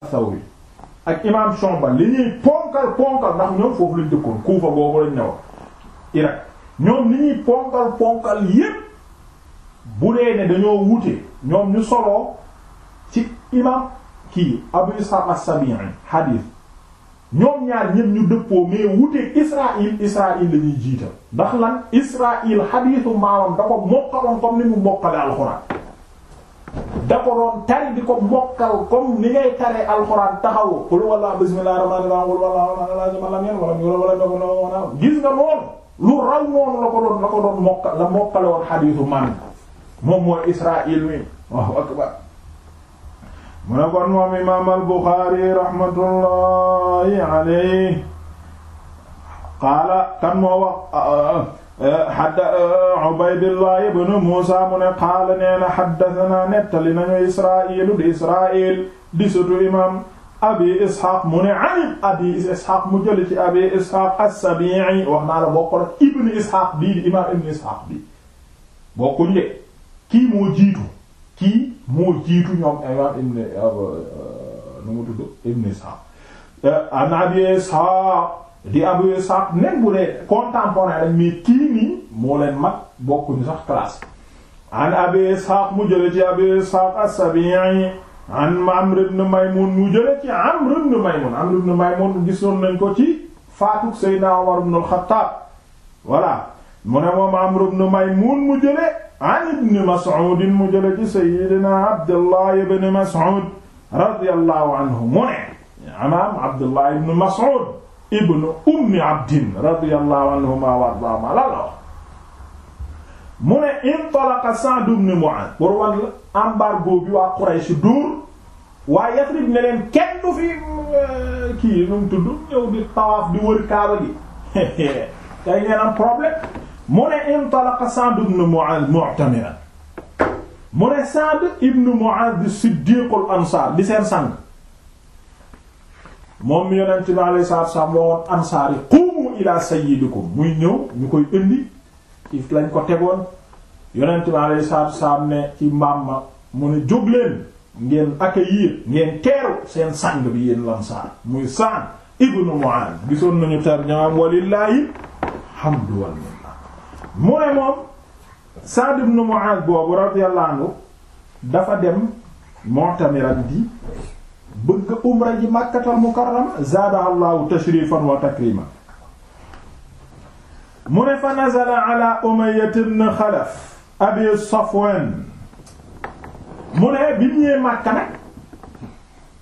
Sawri ak imam Shomba li ñuy ponkal ponkal ndax ñoom foofu lañ dëkkoon Kuufa boobu lañ ñëw Irak ñoom li ñuy ponkal ponkal yépp bu dee ne dañoo wute ñoom ñu soloo ci imam kii Abu Ishaq as-Sabi'i ñoom ñaar ñépp ñu dëppoo mais wute Israaïl Israaïl la ñuy ndax lan Israaïl hadithu maamam da ko mokkaloon comme ni mu mokkale alxuraan da ko doon tari di ko mokkal comme ni ngay tare alxuraan taxaw qul walla bismillahir rahmanir rahim qul walla walla lam yan wala mu wala do wala gis nga noonu lu raw noonu la ko doon la ko doon mokkal la mokkale woon xadiisu man moom mooy Israaïl mi waaw akbar mu ne kon moom imaam al-Buxaari rahmatullahi alayhi qaala kan moo wax xadda eh, Ubaydullah ibn Muusa mu ne qaala nee na xaddatanaa nettali nañu Israa'iilu di Israa'iil di sutu imam abi Isxaaq mu ne an abi Isxaaq mu jële ci abi Isxaaq as-Sabii'i wax naa la bokkul ak ibn Isxaaq bii di imam ibn Isxaaq bi bokkuñ de kii moo jiitu kii moo jiitu ñoom imam ibn eh, eh, nu mu tudd ibn Isxaaq an abi Isxaaq di Abu Ishaq même bu dee contemporain rek mais kii moo leen mag bokkuñu sax classe an Abi Ishaq mu jële ci Abi Ishaq as an Amr ibn Maymun mu jële ci Amr ibn Maymun Amr ibn Maymun gisoon nañ ko ci faatu Seydina Umar ibn al-Khattab mu ne moom Amr ibn Maymun mu jële an Ibn Mas'ud mu jële ci Seydina Abdullah ibn Mas'ud radiyallahu anhu mu ne amaam Abdullah ibn Mas'ud ibnu ummi abdin radiyallahu anhuma wa ardaahuma la la mu ne intalaqa Sa'd ibn Mu'adh pour war la embargo bi waa Quraysh duur waa Yathrib ne leen kenn du fi euh, kii nu mu tudd ñëw di tawaaf di wër Kaaba gi tey ngeen am problème mu ne intalaqa Sa'd ibn Mu'adh mu'tamiran mu ne Sa'd ibn Mu'adh Siddiqul Ansaar di seen sang moom mi yonent bi alayhi salaatu wa salaam waxoon ansaar yi qumu ila sayyidikum muy ñëw ñu koy indi ci lañ ko tegoon yonent bi alayhi salaatu wa ne ci mbaam ma mu ne jóg leen ngeen accueillir ngeen teeru seen sang bi yéen lansaar muy Sa'd ibnu Mu'aaz gisoon nañu tarjamaam walillaahi hamdu wal minna mu ne moom Sa'd ibnu Mu'aaz boobu radiyallahu dafa dem Mu'tamir ak di bëgg umra ji màkkatal mukarrama zaadahallahu tashrifan wa takrima mu ne fa nazala ala umayyah ibn xalaf abi safwan mu ne bi mu màkka nag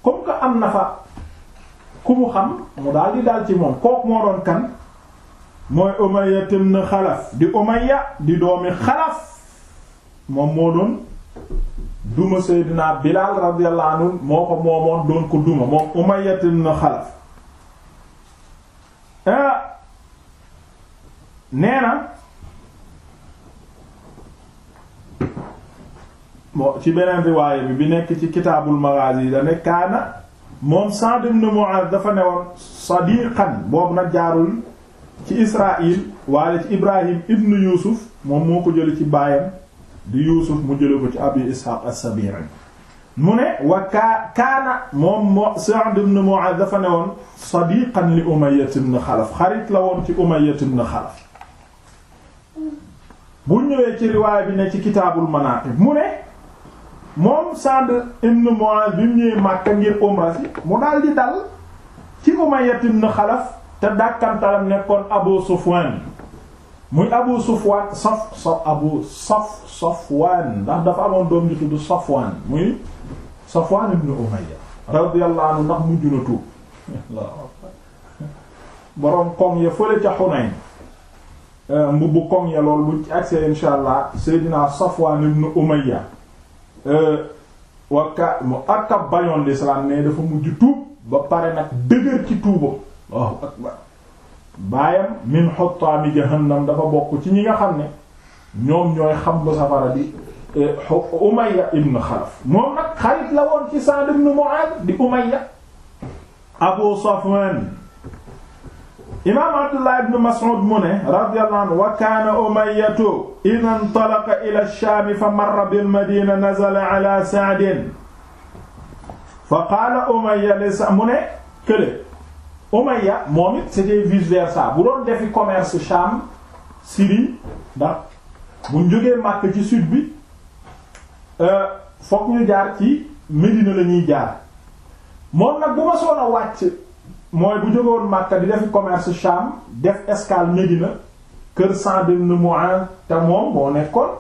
comme que am na fa ku xam mu daal di daal ci moom kook moo doon kan mooy umayyah ibn xalaf di umayyah di doomi xalaf moom moo doon duma Seydina Bilaal radiyallahu anhu moo ko moomoon doon ko duma moom Umayya ibn Xalaf ah, nee na moo ci beneen riwaaya bi bi nekk ci kitaabul maghazi da ne kaana moom Sa'd ibn Mu'adh dafa newoon sadiqan boobu nag jaarul ci Israil waale ci Ibrahim ibn Yusuf moom moo ko jële ci baayam di Yuusuf mu jële ko ci Abi Isxaaq as-Sabi'i mu ne wa kaa kaana moom mo Sa'd ibn Mu'aaz dafa ne woon sadiqan li Umayya ibn Xalaf xarit la woon ci Umayya ibn Xalaf bu ñëwee ci riwaay bi ne ci kitaabul Manaaqib mu ne moom Sa'd ibn Mu'aaz bi Makka ngir umra si mu daal di dal ci Umayya ibn Xalaf te dàkkantalam nekkoon Abu Sufyaan muy abu sufwaan saf saf abu saf safwaan ndax dafa amoon doom ju tudd safwaan muy safwaan ibnu umayya radiyallahu anhu ndax mujj na tuub boroom koŋ ya fële ca xunayn eh, mbubb koŋ ya lool bu ci agsee insha allah seydinaa safwaan ibnu umayya eh, wakka mu akka bañoon lislaam ne dafa mujj tuub ba pare nag dëgër ci tuubam baayam min xottaami jahannam dafa bokk ci ñi nga xam ne ñoom ñooy xam bu safara di eh, Umayya ibn Xalaf moom nag xarit la woon ci Sa'd ibn Mu'adh di Umayya Abu Safwan imaam Abdullah ibn Mas'ud mu ne radiyallahu anhu wa kaana Umayyatu idha intalaqa ila ash-Shaam fa marra bil Madina nazala ala Sa'd fa qaala Umayya li Sa'd mu ne kële Umayya moom it c'était vice versa bu doon defi commerce Sham siri ndax buñ jógee Makka ci sud bi euh, fokk ñu jaar ci Médina lañuy jaar moom nag bu ma soon a wàcc mooy bu jógoon Makka di defi commerce Sham def escale Médina kër Sa'd ibn Mu'adh te moom moo nekkoon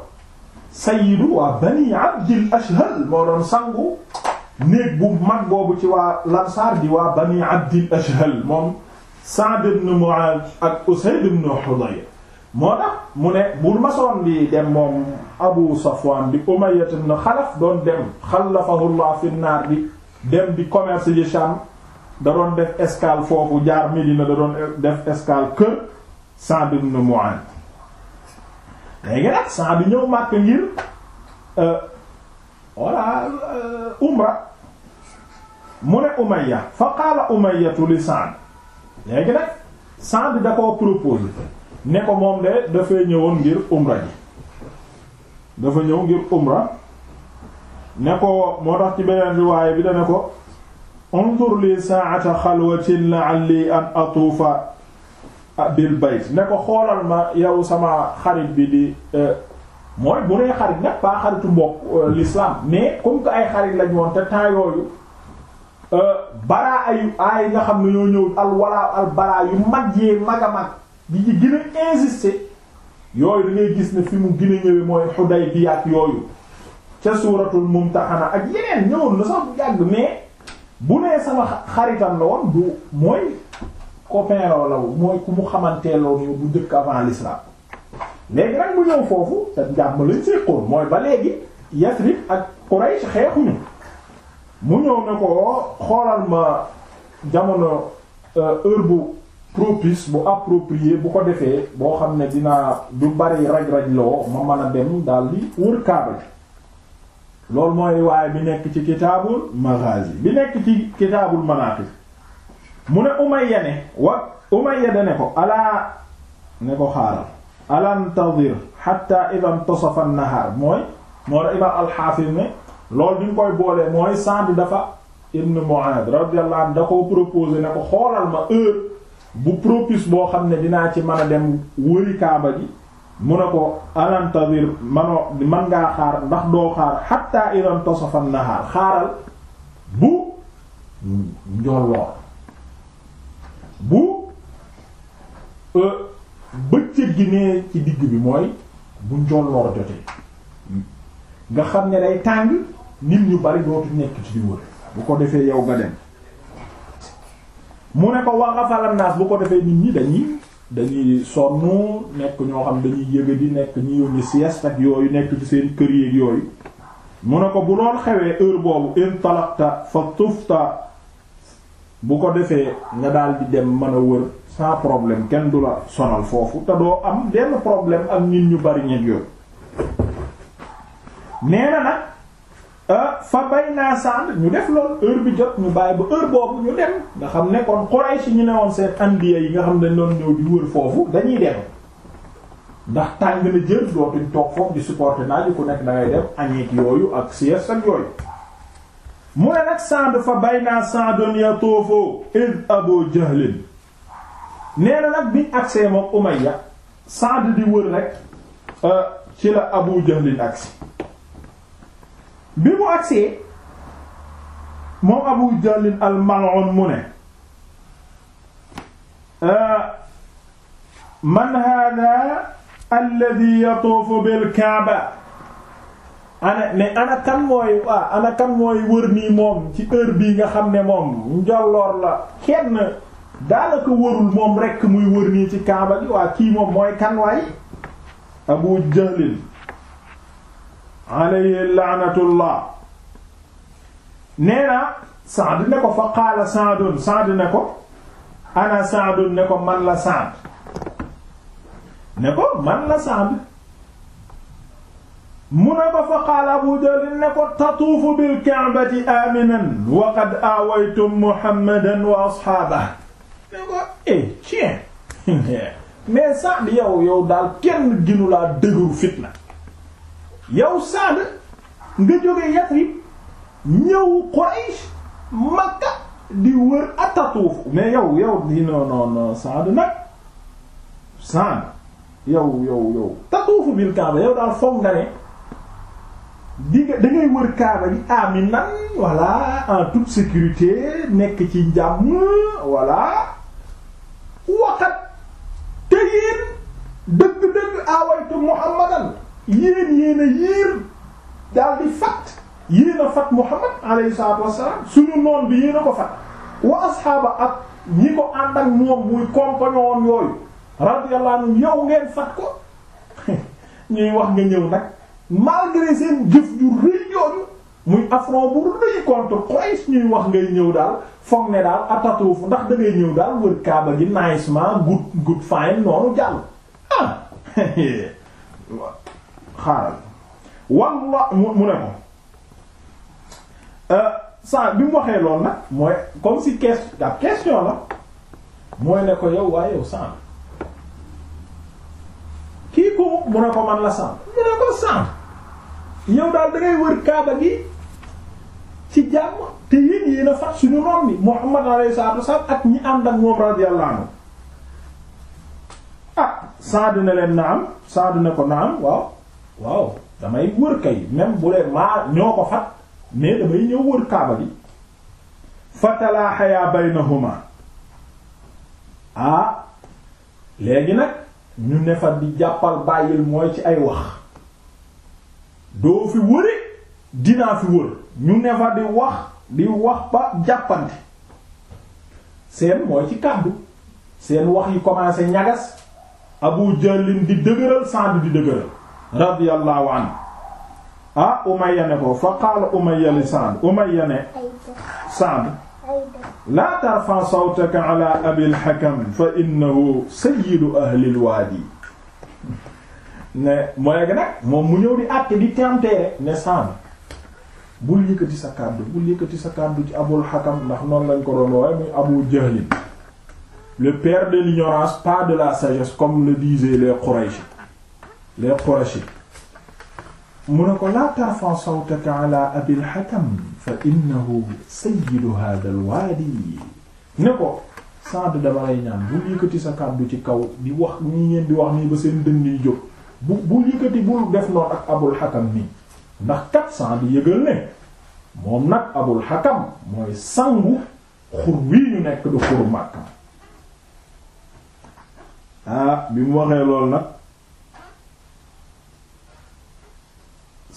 sayyidu waa Bani Abdil Ashhal moo doon sangu néeg bu mag boobu ci waa lansaar di waa bani abdil ashhal moom Sa'd ibn Mu'adh ak Usayd ibn Hudayr moo tax mu ne bu masoon di dem moom Abu Safwan di Umayyah ibn Khalaf doon dem xalafahu Allah fi dem di commerce ji Sham da doon def escale foofu jaar Medina da doon def escale kër Sa'd ibn Mu'adh léegi nag Sa'd ñëw Makka ngir euh, voilà euh, umra mu ne Umayya fa qaala Umayyatu li Sa'd léegi nag Sa'd da koo proposé ne ko moom de dafay ñëwoon ngir umra ji dafa ñëw ngir umra ne ko moo tax ci beneen riwaaya bi dane ko unzur li sa'ata xalwatin la'alli an atuufa bil bayt ne ko xoolal ma yow sama xarit bi di euh, mooy bu nee xarit nag pas xaritu mbokk euh, l'islam mais comme que ay xarit lañ woon te temps yooyu Euh, baraa ayu aay nga xam ne ñoo ñëw al wala al baraa yu mag yee mag a mag di ci gën a insister yooyu da gis ne fi mu gën ñëwee mooy Hudaybiya ak yooyu ca suuratul Mumtahana ak yeneen ñëwoon na sax bu yàgg mais bu nee sama xaritam la woon du mooy copain la mooy ku mu xamanteeloon yow bu njëkk avant l'islam léegi nag mu ñëw foofu te jàmm lañ séqoon mooy ba léegi Yasrib ak Quraysh xeexuñu mu ñëw ne ko xoolal ma jamono euh, heure bu propice bu approprié bu ko defee boo xam ne dinaa du bari raj-raj loo ma mën a dem daal wër kaaba bi loolu mooy waaye bi nekk ci kitaabul maghazi bi nekk ci kitaabul manaqib mu ne Umayya ne wa Umayya da ne ko alaa ne ko xaaral alantadir hatta idan tasafa an-nahar mooy moo ra imaam al ne loolu ni nga koy boolee mooy Sa'd dafa ibn Mu'adh radiyallahu da ko proposé ne ko xoolal ma heure bu propice boo xam ne dinaa ci man a dem wëri kaaba ji mu ne ko alantadir manoo man ngaa xaar ndax doo xaar hatta idan tasafa nahaar xaaral bu njolloor bu e, bëccëg gi nee ci digg bi mooy bu njolloor jotee nga xam ne day tàng nit ñu bari dootu nekk ci di wër bu ko defee yow nga dem mu ne ko waqafal naas bu ko defee nit ñi dañuy dañuy sonn nekk ñoo xam dañuy yëga di nekk ñu yónni sieste ak yooyu nekk ci seen kër yeeg yooyu mu ne ko bu lool xewee heure boobu in talakta fa tufta bu ko defee nga daal di dem mën a wër sans problème kenn du la sonal foofu te doo am benn problème ak nit ñu bari ñeeg yooyu nee nag Ah, fa bay naa sand ñu def loolu heure bi jot ñu bàyyi bu heure boobu ñu dem nga xam ne kon Quraysh ñu ne woon seen andiya yi nga xam ne dañ doon ñëw di wër foofu dañuy dem ndax tàng na jër dootuñ toog foofu di supporter naaj ku nekk da dem añeek yooyu ak si ak yooyu mu ne nag sand fa bay naa sandon ya toofoo id Abu Jahl nee na nag biñ agsee moom Umayya sand di wër rek ah, ci la Abu Jahl agsi bi mu agsee moom Abu Jahl al-mal'un mu ne man hada alladhi yatuufu bil kaaba ana mais ana mooy waa ana mooy wër nii moom ci heure bii nga xam ne moom njolloor la kenn daanaka wërul moom rekk muy wër nii ci kaaba gi waa kii moom mooy kan waay Abu Jahl alayhi laanatullah nee na Saad ne ko fa qaala Saadun Saad ne ko ana Saadun ne ko man la Saad ne ko man la Saad mu ne ko fa qaala Abu Jahl ne ko tatuufu bil ka'bati aaminan wa qad aawaytum Muhammadan wa ashaabahu ne ko eh tiens mais Saad yow yow daal kenn ginu laa dëgëru fitna yow Saad nga jógee Yathrib ñëw Quraysh Makka di wër atatuufu mais yow yow di non non non Saad nag Saad yow yow yow tatuufu bil Kaaba yow daal foog nga ne di nga wër Kaaba gi aminan voilà en toute sécurité nekk ci njàmm voilà waxat te dëgg-dëgg awaytu Muhammadan yéen yéen a yéer daal di fat yéen a fat Muhammad alayhi wassalaam suñu noon bi yéen a ko fat wa asxaaba ak ñi ko ànd ak moom muy compagnon yooyu radiyallahu anhum yow ngeen fat ko ñuy wax nga ñëw nag malgré seen jëf ju rëy yooyu muy affront bu rëy contre Quraysh ñuy wax ngay ñëw daal foog ne daal atatuufu ndax da ngay ñëw daal wër Kaaba gi nicement good good fine noonu jàll ah xaaral walla mu ne ko sans euh, bi mu waxee loolu nag mooy comme si question ab question la mooy ne ko yow waaye yow sans kii ko mu ne ko man la sans mu ne ko sans yow daal da wër kaaba gi ci jàmm te yéen yéen a fat suñu noon bi Muhammad alayhi salaatu wasallam ak ñi ànd ak moom radiyallahu anhu ah Saad ne leen naam Saad ne ko naam waaw waaw damay wër kay même bu leen maa ñoo ko fat mais damay ñëw wër kaaba bi fatalaa xayaa baynahuma ah léegi nag ñu ne fa di jàppal bàyyil mooy ci ay wax doo fi wëri dinaa fi wër ñu ne fa di wax di wax ba jàppante seen mooy ci kàddu seen wax yi commencé ñagas abu jëlin di dëgëral sandu di dëgëral radiyallahu anhu ah Umayya ko fa qaala Umayya li Sa'd Umayya ne Sa'd laa tarfa sawtaka ala Abil Hakam fa innahu sayyidu ahlil waadi ne mooy gi nag moom mu ñëw di àtte di tenteere ne Sa'd bul yëkkati sa kàddu bul yëkkati sa kàddu ci Abul Hakam ndax noonu lañ ko doon waaye muy Abu Jahl le père de l'ignorance pas de la sagesse comme le disaient les Quraysh les Quraysh mu ne ko laa tarfa sawtaka ala abil hakam fa innahu sayyidu hadha al wadi ne ko Saad dama ñaan bul yëkkati sa kàddu ci kaw di wax ñu ngeen di wax nii ba seen dënn yi jóg bu bul yëkkati bul def noonu ak abul hakam nii ndax kat Saad yëgal ne moom nag abul hakam mooy sangu xur wii ñu nekk du xuru Makka ah bi mu waxee loolu nag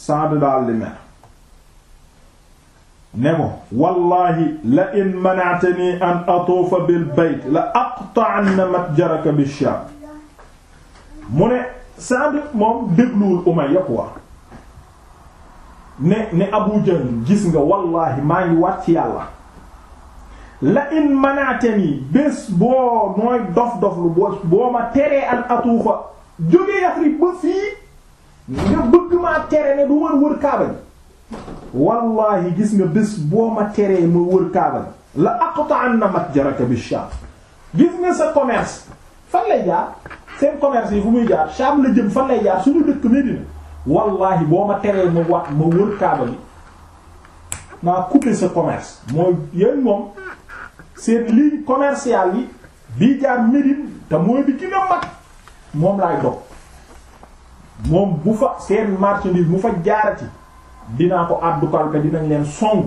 Saad daal di mer ne ko wallahi la in mana'tani an atuufa bil bayt la aqta'anna matjaraka bi Shaam mu ne Saad moom dégluwul Umayya quoi ne ne Abu Jahl gis nga wallahi maa ngi waat ci yàlla la in mana'tani bés boo nooy dof dof lu boo boo ma teree an atuufa jóge Yasrib ba fii nga bëgg maa tere ne du wër wër kaaba ji wallahi gis nga bés boo ma teree ma wër kaaba ji la aqta'anna matjaraka bi Sham gis nga sa commerce fan lay seen commerce yi fu muy jaar Sham la jëm fan lay jaar dëkk Medina wallahi boo ma teree ma wax ma wër kaaba ji naa couper sa commerce mooy yéen moom seen ligne commerciale yi bii jaar Médine te mooy bi gën a mag moom laay dox moom bu fa seen marchandise mu fa jaarati dinaa ko àddukal ba dinañ leen song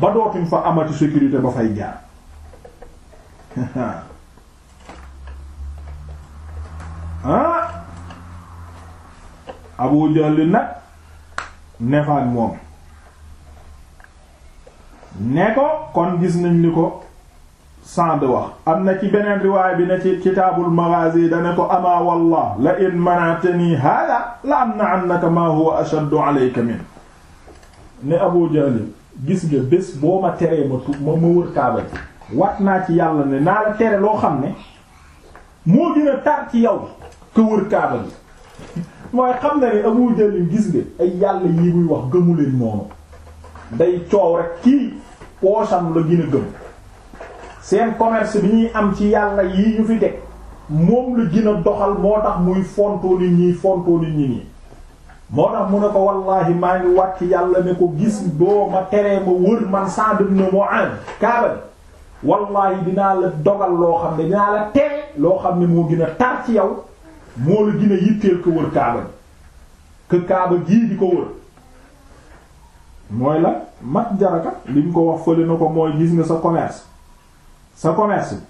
ba dootuñ fa amati sécurité ba fay jaar ah Abu Jahl nag nefaat moom ne ko kon gis nañ ni ko Sa'd wax am na ci beneen riwaay bi ne ci kitaabul maghazi dane ko ama wallah la in manatani hada la am na annaka ma huwa ashaddu alayka min ne Abu Jahl gis nga bés boo ma teree ma tu ma wër kaaba bi wat naa ci yàlla ne naa loo xam ne moo ci yow ko wër kaaba bi mooy xam na ne Abu Jahl gis nga ay yàlla yi muy wax gëmu leen noonu day coow rek kii poosam la gën a gëm seen commerce bi ñuy am ci yàlla yi ñu fi teg moom la gën a doxal moo tax muy fontoo nit ñi fontoo nit ñi nii moo tax mu ne ko wallahi maa ngi wàcc yàlla ne ko gis boo ma teree ma wër man Sa'd ibn Mu'adh kaaba wallahi dinaa la dogal loo xam ne dinaa la tere loo xam ne moo gin a tar ci yow moo la gën a yitteel ko wër kaaba que kaaba gii di ko wër mooy la mat jaraka li mu ko wax fële na ko mooy gis nga sa commerce sa commerce bi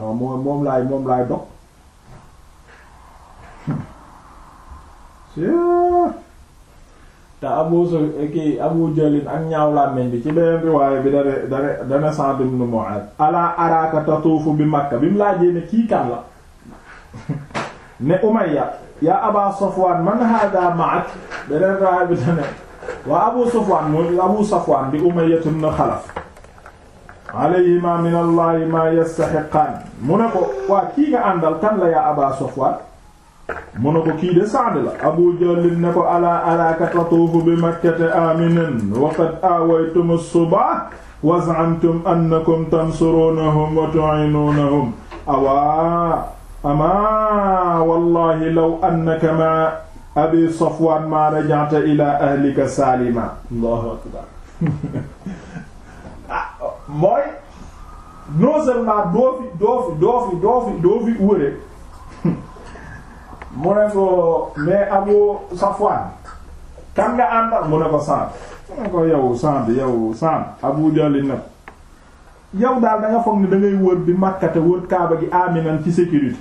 non moom moom laay moom laay dog te abu so kii abu jalin ak ñaaw làmmiñ bi ci beneen riwaaye bi dane dane dane Sa'd ibn Mu'adh ala araaka tatuufu bi Makka bi mu laajee ne kii kan la ne Umayya yaa aba Safwan man hada ma'ak beneen riwaaye bi dane waa abu Safwan mooy abu Safwan bi Umayya ibn Khalaf alayhima min allahi ma yastaxiqaan mu ne ko waa kii nga àndal kan la yaa aba sofwaan mu ne ko kii de Saad la abu jalin ne ko alaa araaka tatuufu bi makkate aminan wa qad aawaytum subah wa zaamtum annakum tansurunahum wa tu'inunahum awaa amaa wallahi law annaka ma abi sofwaan ma raja'ta ila ahlika saalima allahu akbar mooy non seulement doo fi doo fi doo fi doo fi doo fi wëre mu ne ko mais Abu Safwan kan nga àndal mu ne ko Sa'd mu ne ko yow Sa'd yow Sa'd Abu Jahl nag yow daal da nga foog ne wër bi màkkate wër kaaba gi aminan ci sécurité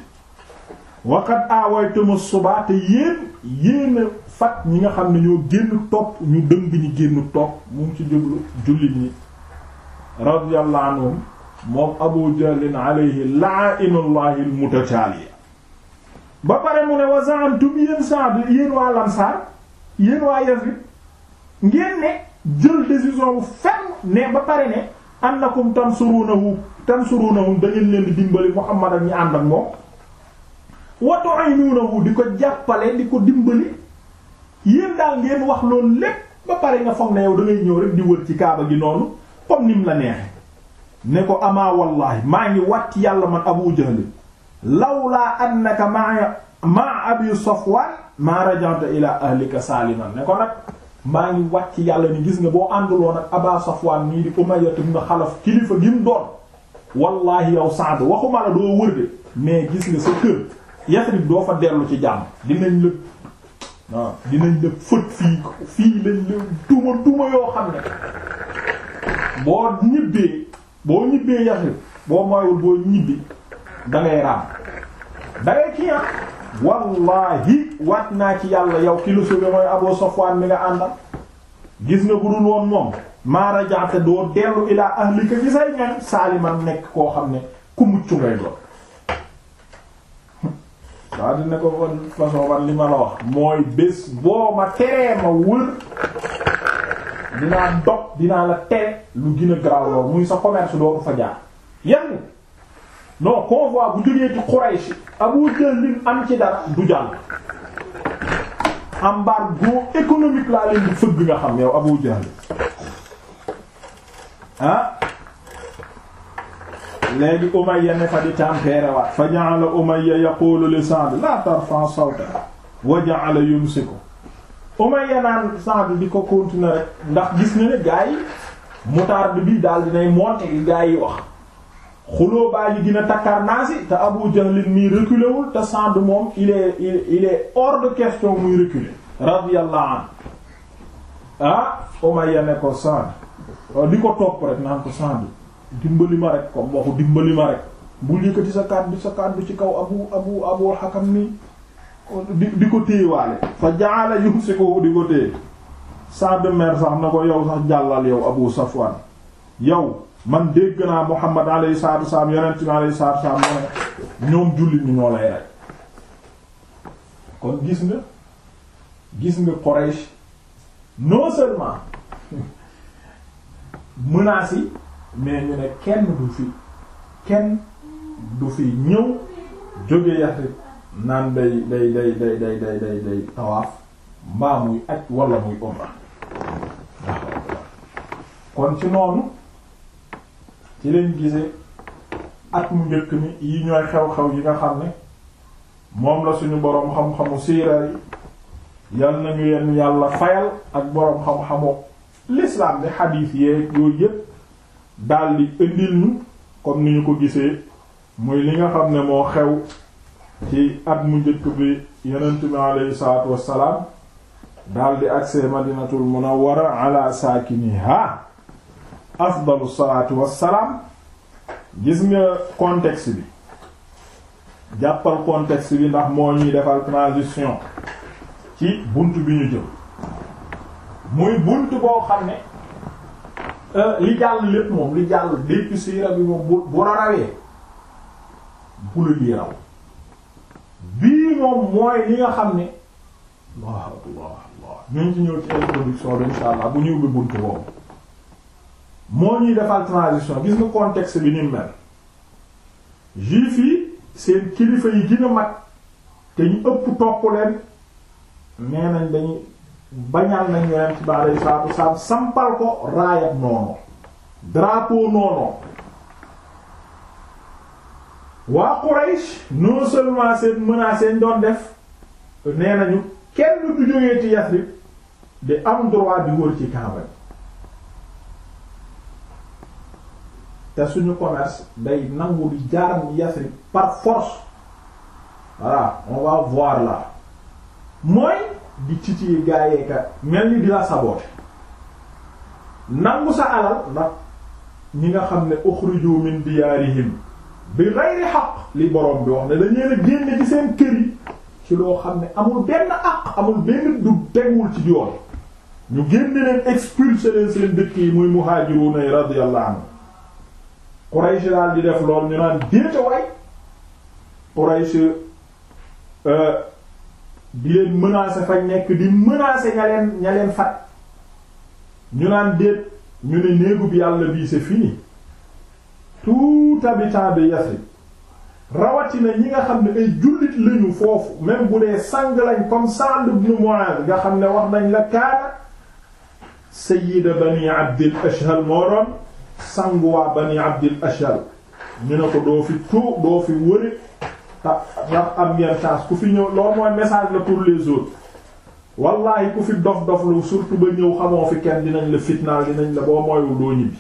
waqat awaytumu suba te yéen yéen a ñi nga xam ne ñoo génn topp ñu dëng ñi génn topp mu ngi ci jublu jullit ñi radiyallahu anhum moom abu jahlin alayhi la'inullahi almutataliya ba pare mu ne wa za'antum yéen Saad yéen waa Lansaar yéen waa Yazid ngeen ne jël décision bu ferme ne ba pare ne annakum tansurunahu tansurunahum da ngeen leen di dimbali Muhammad ak ñi ànd ak moom wa tu'inunahu di ko jàppale di ko dimbali yéen daal ngeen wax loolu lépp ba pare nga foog na yow da ñëw rek di wër ci kaaba gi noonu comme nim la neexe ne ko amaa wallahi maa ngi wàtt yàlla man abu jahl lawlaa annaka maa maa abi safwan maa rajanta ila ahlika saaliman ne ko nag maa ngi wàcc yàlla ni gis nga boo ànduloon ak aba safwan nii di umayyatum na xalaf kilifa gi doon wallahi yow Saad waxuma la doo wër de mais gis nga sa kër Yasrib doo fa dellu ci jàmm dinañ la waaw dinañ la fët fii fii lañ la duma duma yoo xam ne boo ñibbee boo ñibbee yaxi boo moywul boo ñibbi da raam da ngay kii ah waat naa ci yàlla yow ki la sauvé mooy Abu Safwan mi nga àndal gis nga bu dul woon moom maa rajaate doo dellu ilaa ahlika ci say ñan saaliman nekk koo xam ne ku mucc ngay doon waaw dina ko façon wan li ma la wax mooy bés boo ma teree wër dinaa dog dinaa la tere lu gën a garaaw muy sa commerce dootu fa jaar yangu non convoi bu jógee ci Quraysh Abu Jahl am ci dara du jàll embargo économique laa leen di fëgg nga xam yow Abu Jahl ah léegi Umayya ne fa di tempérer waat fa ja'ala Umayya yaqulu li Sa'd la tarfa sawta wa ja'ala yumsiku Umayya naan Saad di ko continuer ndax gis na ne gaa yi bi daal dinay monter yi gaa yi wax xuloo baa yi dina takkar naasi te Abu Jahl mii reculé te Saad moom il est il question muy reculer radiyallahu an ah Umayya ne ko Saad di ko topp rek naan ko Saad dimbali ma rek comme waxu dimbali ma rek bul yëkkati sa kàddu sa kàddu ci kaw Abu Abu Abu Hakam nii di di ko téyewaale fa jaala yum si ko di ko téye sa de sax na ko yow sax jàllal yow Abu Safwan yow man dégg naa Muhammad alayhi salaatu wasallam yonent bi alayhi salaatu wasallam moo ne ñoom jullit ñu ñoo lay rey kon gis nga gis nga Quraysh non seulement menaces yi mais ñu ne kenn du fi kenn du fi ñëw jóge Yathrib naan day day day day day day day day tawaaf mbaa muy muy umra kon ci noonu ci lañ gisee at mu njëkk mi yi ñooy xew-xew yi nga xam ne moom la suñu boroom xam-xamu siira yi yal nañu yenn yàlla fayal ak boroom xam-xamu l'islam de xadiis yeeg yooyu yëpp daldi indil ñu comme ni ñu ko gisee muy li nga xam ne moo xew ci at mu njëkk bi yonent bi aleyhi salaatu wassalaam di agsee madinatul munawwara ala saakiniha afdalu salaatu wassalaam gis nga contexte bi jàppal contexte bi ndax moo ñuy defal transition ci bunt bi ñu jëm muy bunt boo xam ne euh, li jàll lépp moom li jàll depuis siira bi moom bu bu rarawee bu la lii bii moom mooy li nga xam ne allah allah allah ñu ci ñëw ci introduction bi insha allah bu ñëw bi bunt boobu moo ñuy defal transition gis nga contexte bi ni mel juif yi seen kilifa yi gën a mag te ñu ëpp topp leen nee nañ dañuy bañal nañ yonent bi aleyhi salaatu wasalaam sampal ko raayab noonu drapeau noonu waa Quraysh non seulement seen menace seen doon def nee nañu kenn du jógee ci Yasrib di am droit di wër ci Kaaba te suñu commerce day nangu di jaar Yasrib par force voilà on va voir là mooy di titiller gaayee ka mel ni di la saboter nangu sa alal ndax ñi nga xam ne ukhruju min diyaarihim bi gayri xaq li borom bi wax ne dañu leen ci seen kër yi ci loo xam ne amul benn àq amul benn du teguwul ci yoon ñu génne leen expulsé leen seen dëkk yi muy muhaajiruuna yi radiyallahu anhu Quraysh daal di def lool ñu naan déete waay Quraysh euh, di leen menacer fañ nekk di menacer ña leen ña leen fat ñu naan déet ñu ne néegu yàlla bii c'est fini tout habitant de rawatina ñi nga xam ne ay jullit lañu foofu même bu dee sang lañ comme Sa'd ibn Mu'adh nga xam ne wax nañ la kaana sayyida bani Abdil Ashhal moo doon sangu bani Abdil Ashhal ñu ne ko doo fi tuu doo fi wëri ta ndax am yenn ku fi ñëw loolu mooy message la pour les autres wallahi ku fi dof dof lu surtout ba ñëw xamoo fi kenn dinañ la fitnaal dinañ la boo mooyul doo ñibbi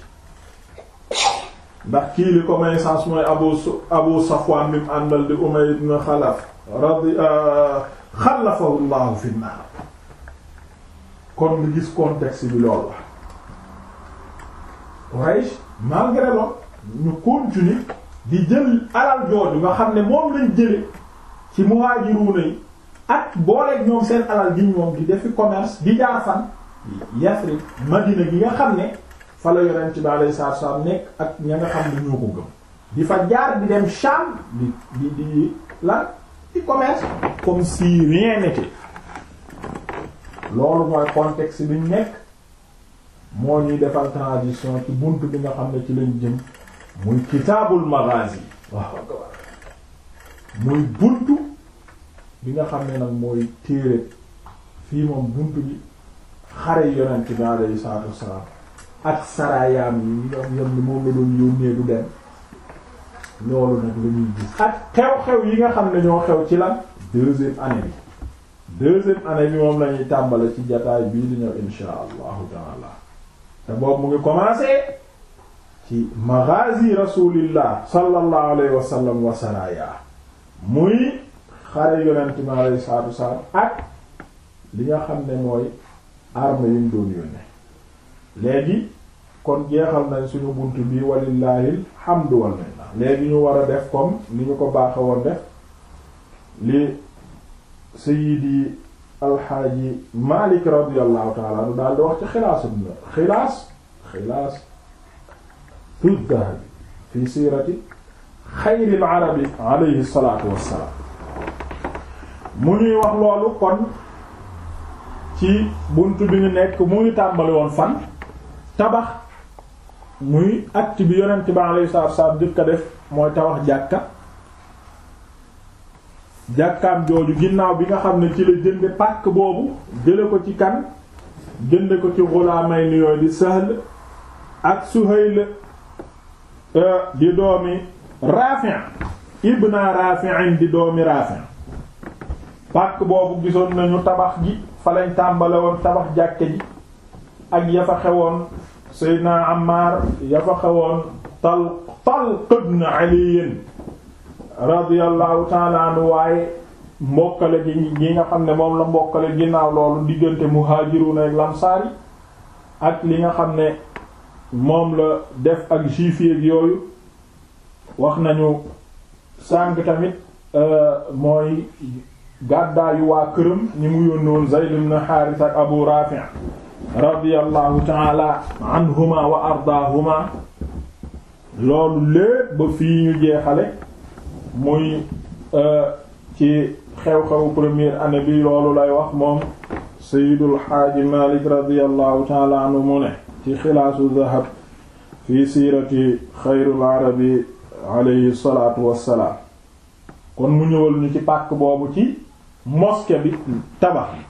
ndax kii li ko may sens mooy abu abu bi mu àndal di umay ibn xalaf radi euh, xalafahu llahu fi naar kon nga gis contexte bi loolu la Quraysh malgré ñu continue di jël alal jooju nga xam ne moom lañ jële ci muhaajiruuna yi ak booleeg ñoom seen alal gi moom di defi commerce di jaar fan Madina gi nga xam ne fa la yonent bi alayhi salaatu salaam nekk ak ña nga xam ne ñoo ko gëm di fa jaar di dem Sham di di di lan di commerce comme si rien loolu mooy contexte bi ñu nekk moo ñuy defal transition ci bunt bi nga xam ne ci lañ jëm muy kitaabul maghazi waaw muy bunt bi nga xam ne nag mooy téere fii moom bunt bi xare yonent bi alayhi salaatu salaam ak sarayaam yi yom yom ni moom la doon yónnee du dem loolu nag la ñuy gis ak xew-xew yi nga xam ne ñoo xew ci lan deuxième année bi deuxième année bi moom la ñuy tàmbale ci jataay bii di ñëw insha allahu taala te boobu mu ngi commencé ci maghazi rasulillah sallallahu alayhi wa sallam wa saraya muy xare yonent mi alayhi ak li nga xam ne mooy arme yi mu doon yónnee léegi kon jeexal nañ suñu bunt bi walillaahil hamdu wal léegi ñu war a def comme ni ñu ko baaxe woon def li sayyidi alxaaji Malik radiyallahu taala anu daal di wax ci xilaas ibn xilaas xilaas tu dahabi fi siirati xayril arabi alayhi salaatu wassalaam mu ñuy wax loolu kon ci bunt bi ñu nekk mu ngi tàmbali woon fan tabax muy acte bi yonent bi alayhi salaatu salaam jëkk a def mooy tabax jàkka jàkkaam jooju ginnaaw bi nga xam ne ci la jënde pàkk boobu jële ko ci kan jënde ko ci xulaamay ni yooyu di Sahl ak Suhayl euh, di doomi Rafi' ibna Rafi'in di doomi Rafi' pàkk boobu gisoon nañu tabax gi fa tàmbalewoon tàmbale woon tabax jàkke ji ak ya fa xewoon Seydina Ammar ya fa xewoon Tal Talq ibn Ali radiyallahu ta'ala waaye mbokkale gi nga xam ne moom la mbokkale ginaaw loolu diggante muhajiruna ak lamsaar yi ak li nga xam ne moom la def ak juif yi yooyu wax nañu sànq tamit euh, mooy gàddaayu waa këram ñi mu yónnoon Zayd ibn Harith ak Abu Rafi' radiyallahu taala anhuma wa ardaahuma loolu lépp ba fii ñu jeexale muy euh, ci xew-xew première année bi loolu lay wax moom sayyidul xaaji malik radiyallahu taala anhu mu ne ci xilaasu zahab fi siirati xayrul arabi alayhi salaatu wassalaam kon mu ñëwal ñu ci pàkk boobu ci mosquée bi tabax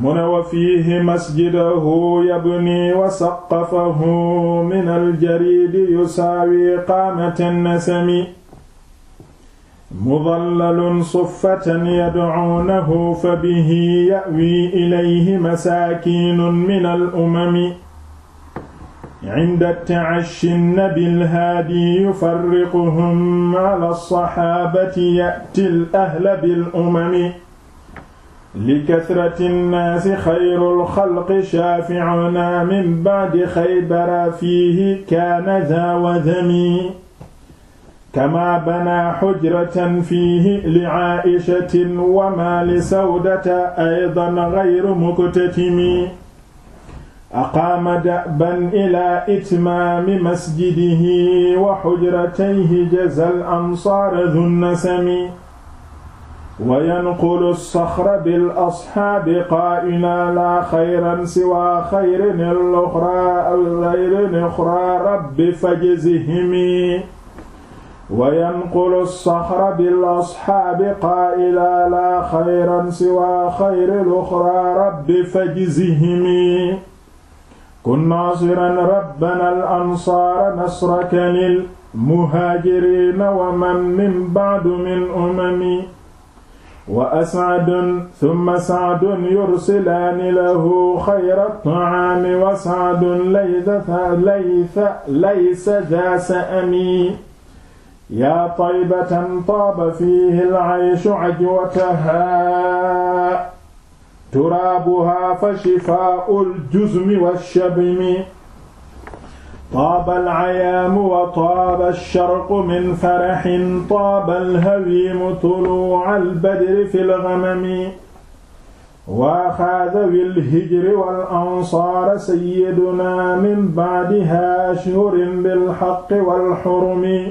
mu ne wa fiihi masjidahu yabni wa saqafahu min aljaridi yusaawi qaamatan nasami mudallalun suffatan yadcuunahu fa bihi ya'wi ilayhi masaakiinun min al'umami cinda tacasshi nnabi alhaadi yufarriquhum ala alsaxaabati ya'ti alahla bil'umami li kasrati nnaasi xayrul xalqi shaafi'una min ba'di xaybara fiihi kaana daa wadami kamaa banaa xujratan fiihi li caaishatin wa maa li sawdata aydan gayru muktatimi aqaama da'ban ilaa itmaami masjidihi wa xujratayhi jazal ansaara dunnasami wa yanqulu saxra bil asxaabi qaa'ina laa xayran siwaa xayrin al-uxraa xayrin uxraa rabbi fajzihimi wa yanqulu saxra bil asxaabi qaa'ina laa xayran siwaa xayrin uxraa rabbi fajzihimi kun naasiran rabbanal ansaara nasraka lil muhaajiriina wa man min ba'du min umami wa as'adun thumma sa'dun yursilaani lahu xayra ta'aami wa sa'dun laysa dhaa sa'mi yaa taybatan taaba fiihi al-'ayshu 'ajwatahaa turaabuhaa fa shifaa'ul juzmi wash-shabmi طاب العيام وطاب الشرق من فرح طاب الهويم طلوع البدر في الغمم وأخذ بالهجر والأنصار سيدنا من بعدها أشهر بالحق والحرم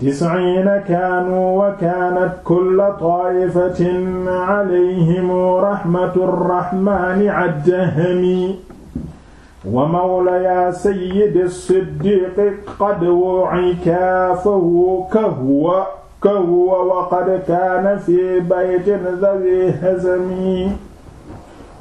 تسعين كانوا وكانت كل طائفة عليهم رحمة الرحمن عدهم wa mawlaya sayyidi siddiqi qad wu'ika fahu kahwa kahwa wa qad kaana fi baytin dhawi hazmi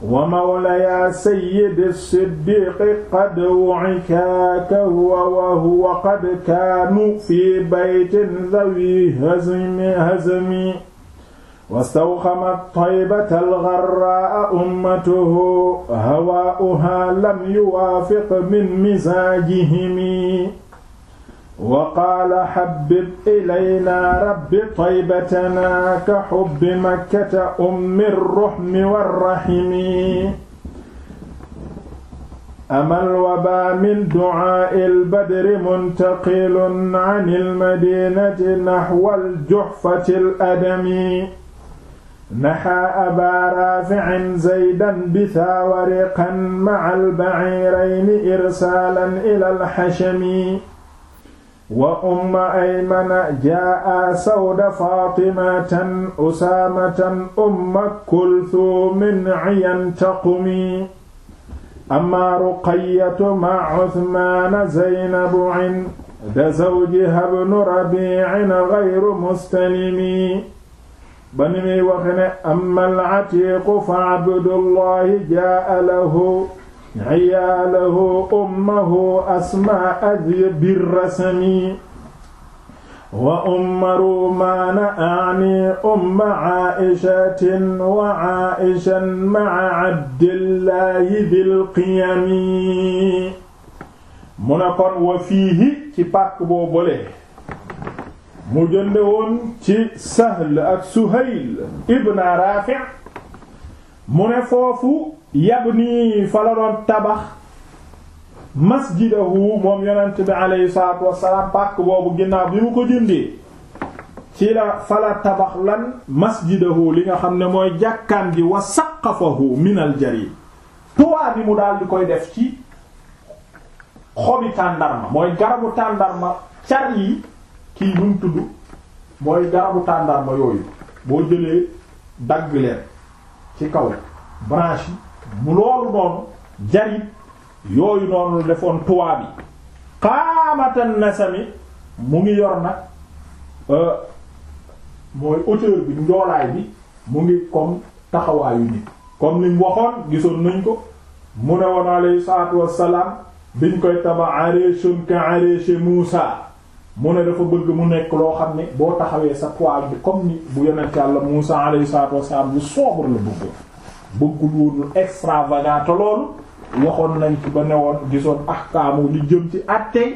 wa mawlaya sayyidi siddiqi qad wu'ika kahwa wa huwa qad kaanu fi baytin dhawi hazmi hazmi wastawxamat taybata algarraa ummatuhu hawaa'uhaa lam yuwaafiq min mizaajihimi wa qaala xabbib ilaynaa rabbi taybatanaa ka xubbi makkata ummi ruxmi warraximi amal wabaa min ducaa'i lbadri muntaqilun can ilmadinati naxwa aljuxfati aladami naxaa abaa raafi'in zaydan bisaawariqan ma'a al-ba'iirayni irsaalan ilaa al-xashami wa umma aymana jaa'a sawda faatimatan usaamatan umma kulthuumin ciyan taqumi amma ruqayyatu ma'a uthmaana zaynabu cinda zawjihaa ibnu rabiicin gayru muslimi ba ni muy waxe ne amma al-atiiqu fa abdullahi jaa lahu ciyaalahu ummahu asmaa birrasmi wa umma ruumaana ani umma caaishatin wa caaishan maca cabdillahi bilqiyami mu na kon wa fiihi ci pàkk boo bolee mu jënde woon ci Sahl ak Suhayl ibn Rafi' mu ne foofu yabni fa la doon tabax masjidahu moom yonent bi alayhi salaatu wassalaam pàkk boobu ginnaaw bi mu ko jëndee ci la fa la tabax lan masjidahu li nga xam ne mooy jàkkaan ji wa saqafahu min al jarid toit bi mu daal di koy def ci xobi tàndarma mooy garabu tàndarma car yi kii nu mu tudd mooy garabu tàndarma yooyu boo jëlee dagg leen ci kaw branche yi mu loolu noonu jarit yooyu noonu defoon tuwaa bi xaamatan nasami mu ngi yor nag euh, mooy hauteur bi njoolaay bi mu ngi kom taxawaayu nit kon niñ waxoon gisoon nañ ko mu ne woon alayhi salaatu wassalaam biñ koy taba areeshun ka areeshe Muusa mu ne dafa bëgg mu nekk loo xam ne boo taxawee sa toile bi comme ni bu yonent yàlla Musa alayhi salaatu wasalaam lu sobre la bëggoon bëggul woon lu extravagant loolu waxoon nañ ci ba newoon gisoon ahkaamu li jëm ci àttee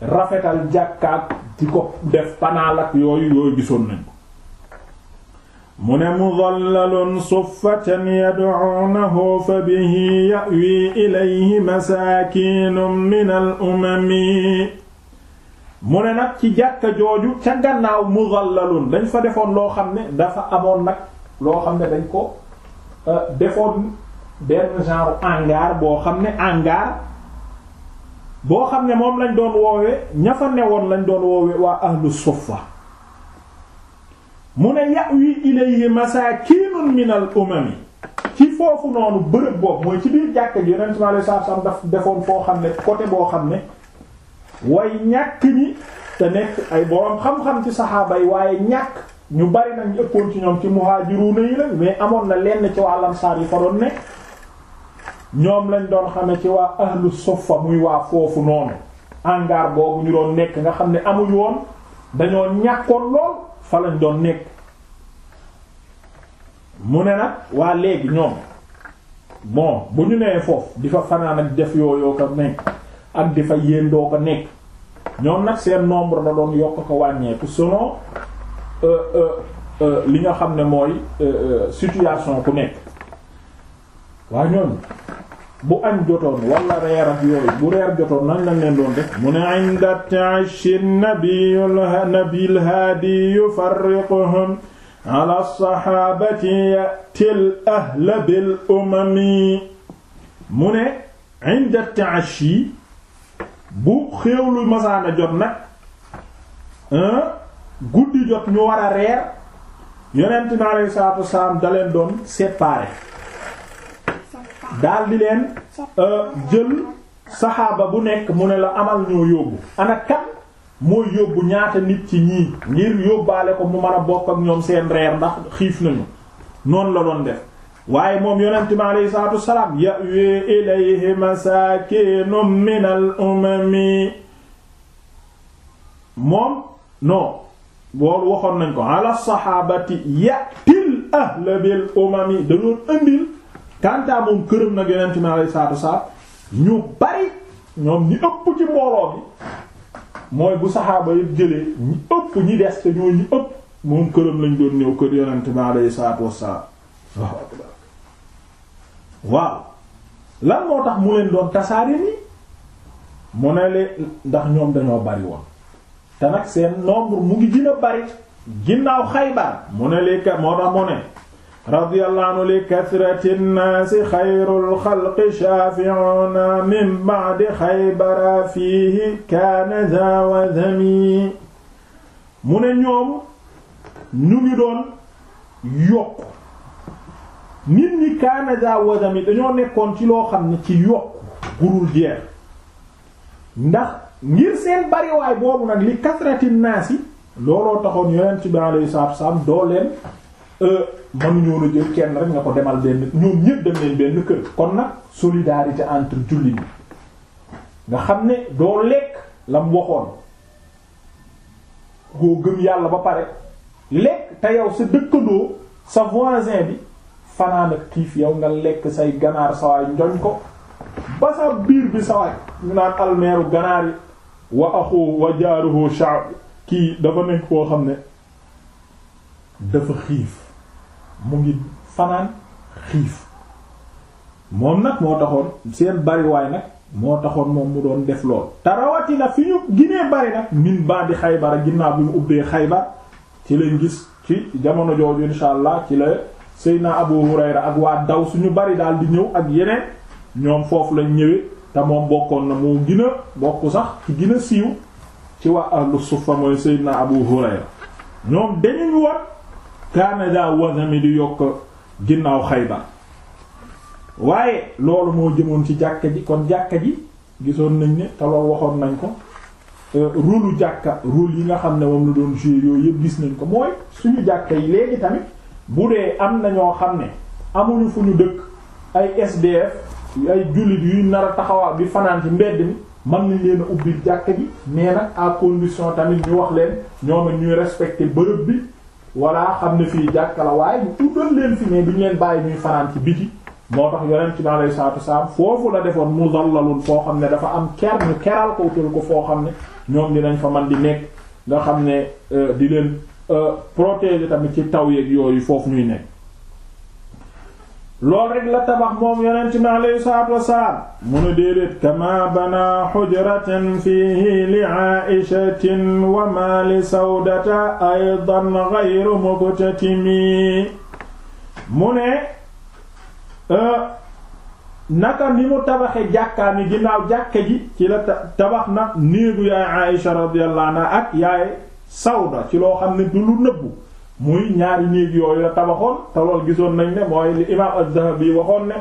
rafetal jàkkaat di ko def panaal yooyu yooyu gisoon nañ mu ne mudallalun suffatan yad'uunahu fa bihi ya'wi ilayhi masaakiinum minal umami mu ne nag ci jàkka jooju ca gannaaw mughallalun dañ fa defoon loo xam ne dafa amoon nag loo xam ne dañ ko euh, defoon benn genre hangar boo xam ne hangar boo xam ne moom lañ doon woowe ña fa newoon lañ doon woowe waa ahlu suffa mu ne ya'wi ilayhi masaakiinun minal umami ci foofu noonu bërëb boobu mooy ci biir jàkka ji yonent bi sallallahu alayhi wasallam daf defoon foo xam ne côté boo xam ne way ñàkk ñi te nekk ay borom xam-xam ci saxaaba yi waaye ñàkk ñu bari nag ñu ëppoon ci ñoom ci muhaajiruuna yi la mais amoon na lenn ci waa lamsaar yi fa doon nekk ñoom lañ doon xame ci waa ahlu suffa muy waa foofu noonu angaar boobu ñu doon nekk nga xam ne amuñu woon dañoo ñàkkoon lool fa lañ doon nekk mu ne nag waa léegi ñoom bon bu ñu nee foofu di fa fanaan ak def yooyu ka nekk ak di fa yéendoo ko nekk ñoom nag seen nombre da doon yokk ko wàññeeku selon euh, euh, euh, li nga xam ne mooy situation ku nekk waaye ñoom bu añ jotoon wala reer ak yooyu bu reer jotoon nan lañ leen doon def mu ne inda ta'ashi nabiyul nabil haadi yufarriquhum ala sahabati yatil ahla bil umami mu ne inda ta'ashi bu xéewlu masaana jot nag guddi jot ñu war a reer yonent bi aleyhi salaatu wasalaam da doon séparer daal di leen euh, jël saxaaba bu nekk mu ne la amal ñoo yóbbu ana kan mooy yóbbu ñaata nit ci ñii ngir yóbbaale ko mu ma a bokk ak ñoom seen reer ndax xiif nañu noonu la doon def waaye moom yonent bi alayhi salaatu wassalaam ya'wi ilayhi masaakinu min al umami moom non boolu waxoon nañ ko ala saxaabati ya'til ahla bil umami dañoon andil kantaa moom këram nag yonent bi alayhi salaatu wassalaam ñu bari ñoom ñi ëpp ci mbooloo bi mooy bu saxaaba yëpp jëlee ñu ëpp ñi des te ñoo ñi ëpp moom këram lañ doon ñëw kër yonent bi alayhi salaatu wassalaam waaw waaw lan moo tax mu leen doon tasaare nii mu ne leen ndax ñoom dañoo bari woon te nag seen nombre mu ngi gën a bari ginnaaw Xaybar mu ne lee ka moo tax mu ne radiyallahu anhu li kathrati nnaasi xayrul xalqi shaafi'una min ba'di Xaybara fiihi kaana wa zami mu ne ñoom ñu ngi doon yokk nit ñi Canada wasami dañoo nekkoon ci loo xam ne ci yokk gurul jeex ndax ngir seen bariwaay boobu nag li kasrati naas yi looloo taxoon yonent bi alayhi salaatu wasallam doo leen euh, mënuñoo la jël kenn rek nga ko demal benn ñoom ñépp dem nañ benn kër kon nag solidarité entre jullit yi nga xam ne doo lekk la mu waxoon koo gëm yàlla ba pare lekk te yow sa dëkkandoo sa voisin bi fanaan ak xiif yow nga lekk say ganaar sawaay njoñ ko ba sa biir bi sawaay ñu naan almeeru ganaar yi wa axu wa jaaruhu sha'b kii dafa nekk koo xam ne dafa xiif mu ngi fanaan xiif moom nag moo taxoon seen bariwaay nag moo taxoon moom mu doon def lool te rawatina fi ñu ginee bari nag min baa di xaybar ginnaaw bi mu ubbee xaybar ci lañ gis ci jamono jooju insha allah ci la Seydina Abu Hurayra ak waa daw suñu bari daal di ñëw ak yeneen ñoom foofu lañ ñëwee te moom bokkoon na moo gën a bokk sax ci gën a siiw ci waa ahlu suffa mooy Seydina Abu Hurayra ñoom dañuy woon Canada wasami di yokk ginnaaw Xaybar waaye loolu moo jëmoon ci jàkka ji kon jàkka ji gisoon nañ ne te loolu waxoon nañ ko euh, rôlu jàkka rôle yi nga xam ne moom la doon jouer yooyu yëpp gis nañ ko mooy suñu jàkka yi léegi tamit bu dee am na ñoo xam ne amuñu fu ñu dëkk ay SDF ay jullit yuy nar a taxawal bi fanaan ci mbedd mi man nañ leen a ubbil jàkk ji mais tamit wax leen ñoom ñuy respecter bërëb bi walla xam ne fii jàkka la waaye ñu tuddal leen fi ne duñ leen bàyyi ñuy fanaan ci biti moo tax yonent bi alayhi salaatu wasalaam foofu la defoon muzallalun foo xam ne dafa am ker ñu keral ko utal ko foo xam ne ñoom dinañ fa man di nekk nga xam ne euh, di leen Euh, protéger tamit ci taw yeeg yooyu foofu ñuy nekk loolu rek la tabax moom yonent mi aleyhi salaatu wassalaam mu ne déedéet kama bana aishatin wa sawdata aydan ghayru mubtatimi mu ne euh, naka ni mu tabaxe jàkkaa ni ginnaaw jàkke ji ci la tabax na néegu yaay aisha radiyallahu anha ak yaay sawda ci loo xam ne du lu nëbbu muy ñaari néeg yooyu la tabaxoon te lool gisoon nañ ne mooy li imam zahabi waxoon ne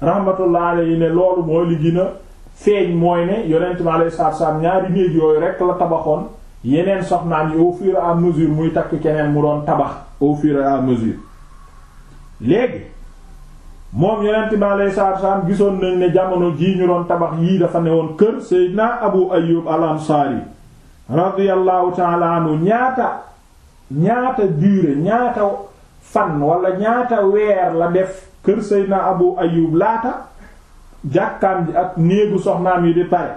rahmatullah alayhi ne loolu mooy li gën a feeñ mooy ne yonent mi alayhi salaatu ñaari néeg yooyu rek la tabaxoon yeneen soxnaan yi au fur et à muy takk keneen mu doon tabax au fur et à mesure léegi moom yonent mi alayhi salaatu gisoon nañ ne jamono jii ñu doon tabax yii dafa newoon kër Seydina Abu Ayyub al-Ansari radiyallahu taala ñaata ñaata durée ñaata fan wala ñaata weer la def kër Seydina Abu Ayyub laata jàkkaam ji ak néegu soxnaam yi di pare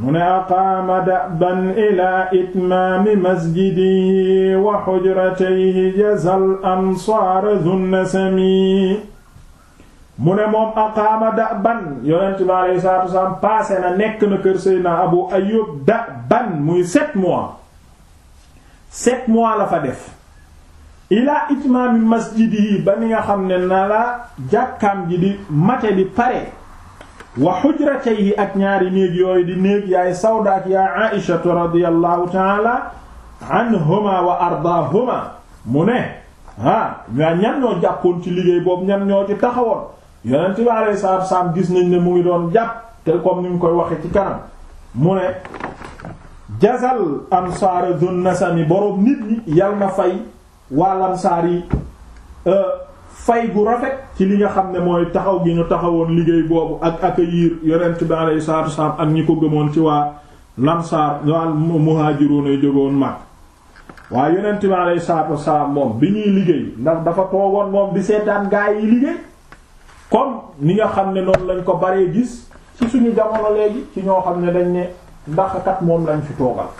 mu ne aqaama daban ila itmaami masjidihi wa xujratayhi jazal ansaar zunna sami mu ne moom aqaama da ban yonent bi aleyhi salaatu wasalaam paase na nekk na kër Seydina Abu Ayyub da ban muy sept mois sept mois la fa def ilaa itmaami masjidihi ba ni nga xam ne na la jàkkaam ji di mate di pare wa xujratayhi ak ñaari néeg yooyu di néeg yaay Sawda ak yaa Aïshatu radiyallahu taala anhuma wa ardaahuma mu ne ah ñaa ñan ñoo jàppoon ci liggéey boobu ñan ñoo ci taxawoon yonent bi alayhi salaatu gis nañ ne mu ngi doon jàpp te comme ni ñu koy waxee ci kanam mu ne jazal ansaara zone nasami boroom nit ñi yal na fay waa lansaar yi euh, fay gu rafet ci li nga xam ne mooy taxaw gi ñu taxawoon liggéey boobu ak accueillir yonent bi alayhi salaatu wa salaam ak ñi ko gëmoon ci waa lansaar waa muhaajiroon ay jógoon mag waaye yonent bi alayhi salaatu wa salaam moom bi ñuy liggéey ndax dafa toogoon moom di seetaan gaay yi liggéey comme ni nga xam ne noonu lañ ko baree gis ci suñu jamono léegi ci ñoo xam ne dañ ne ndax kat moom lañ fi toogal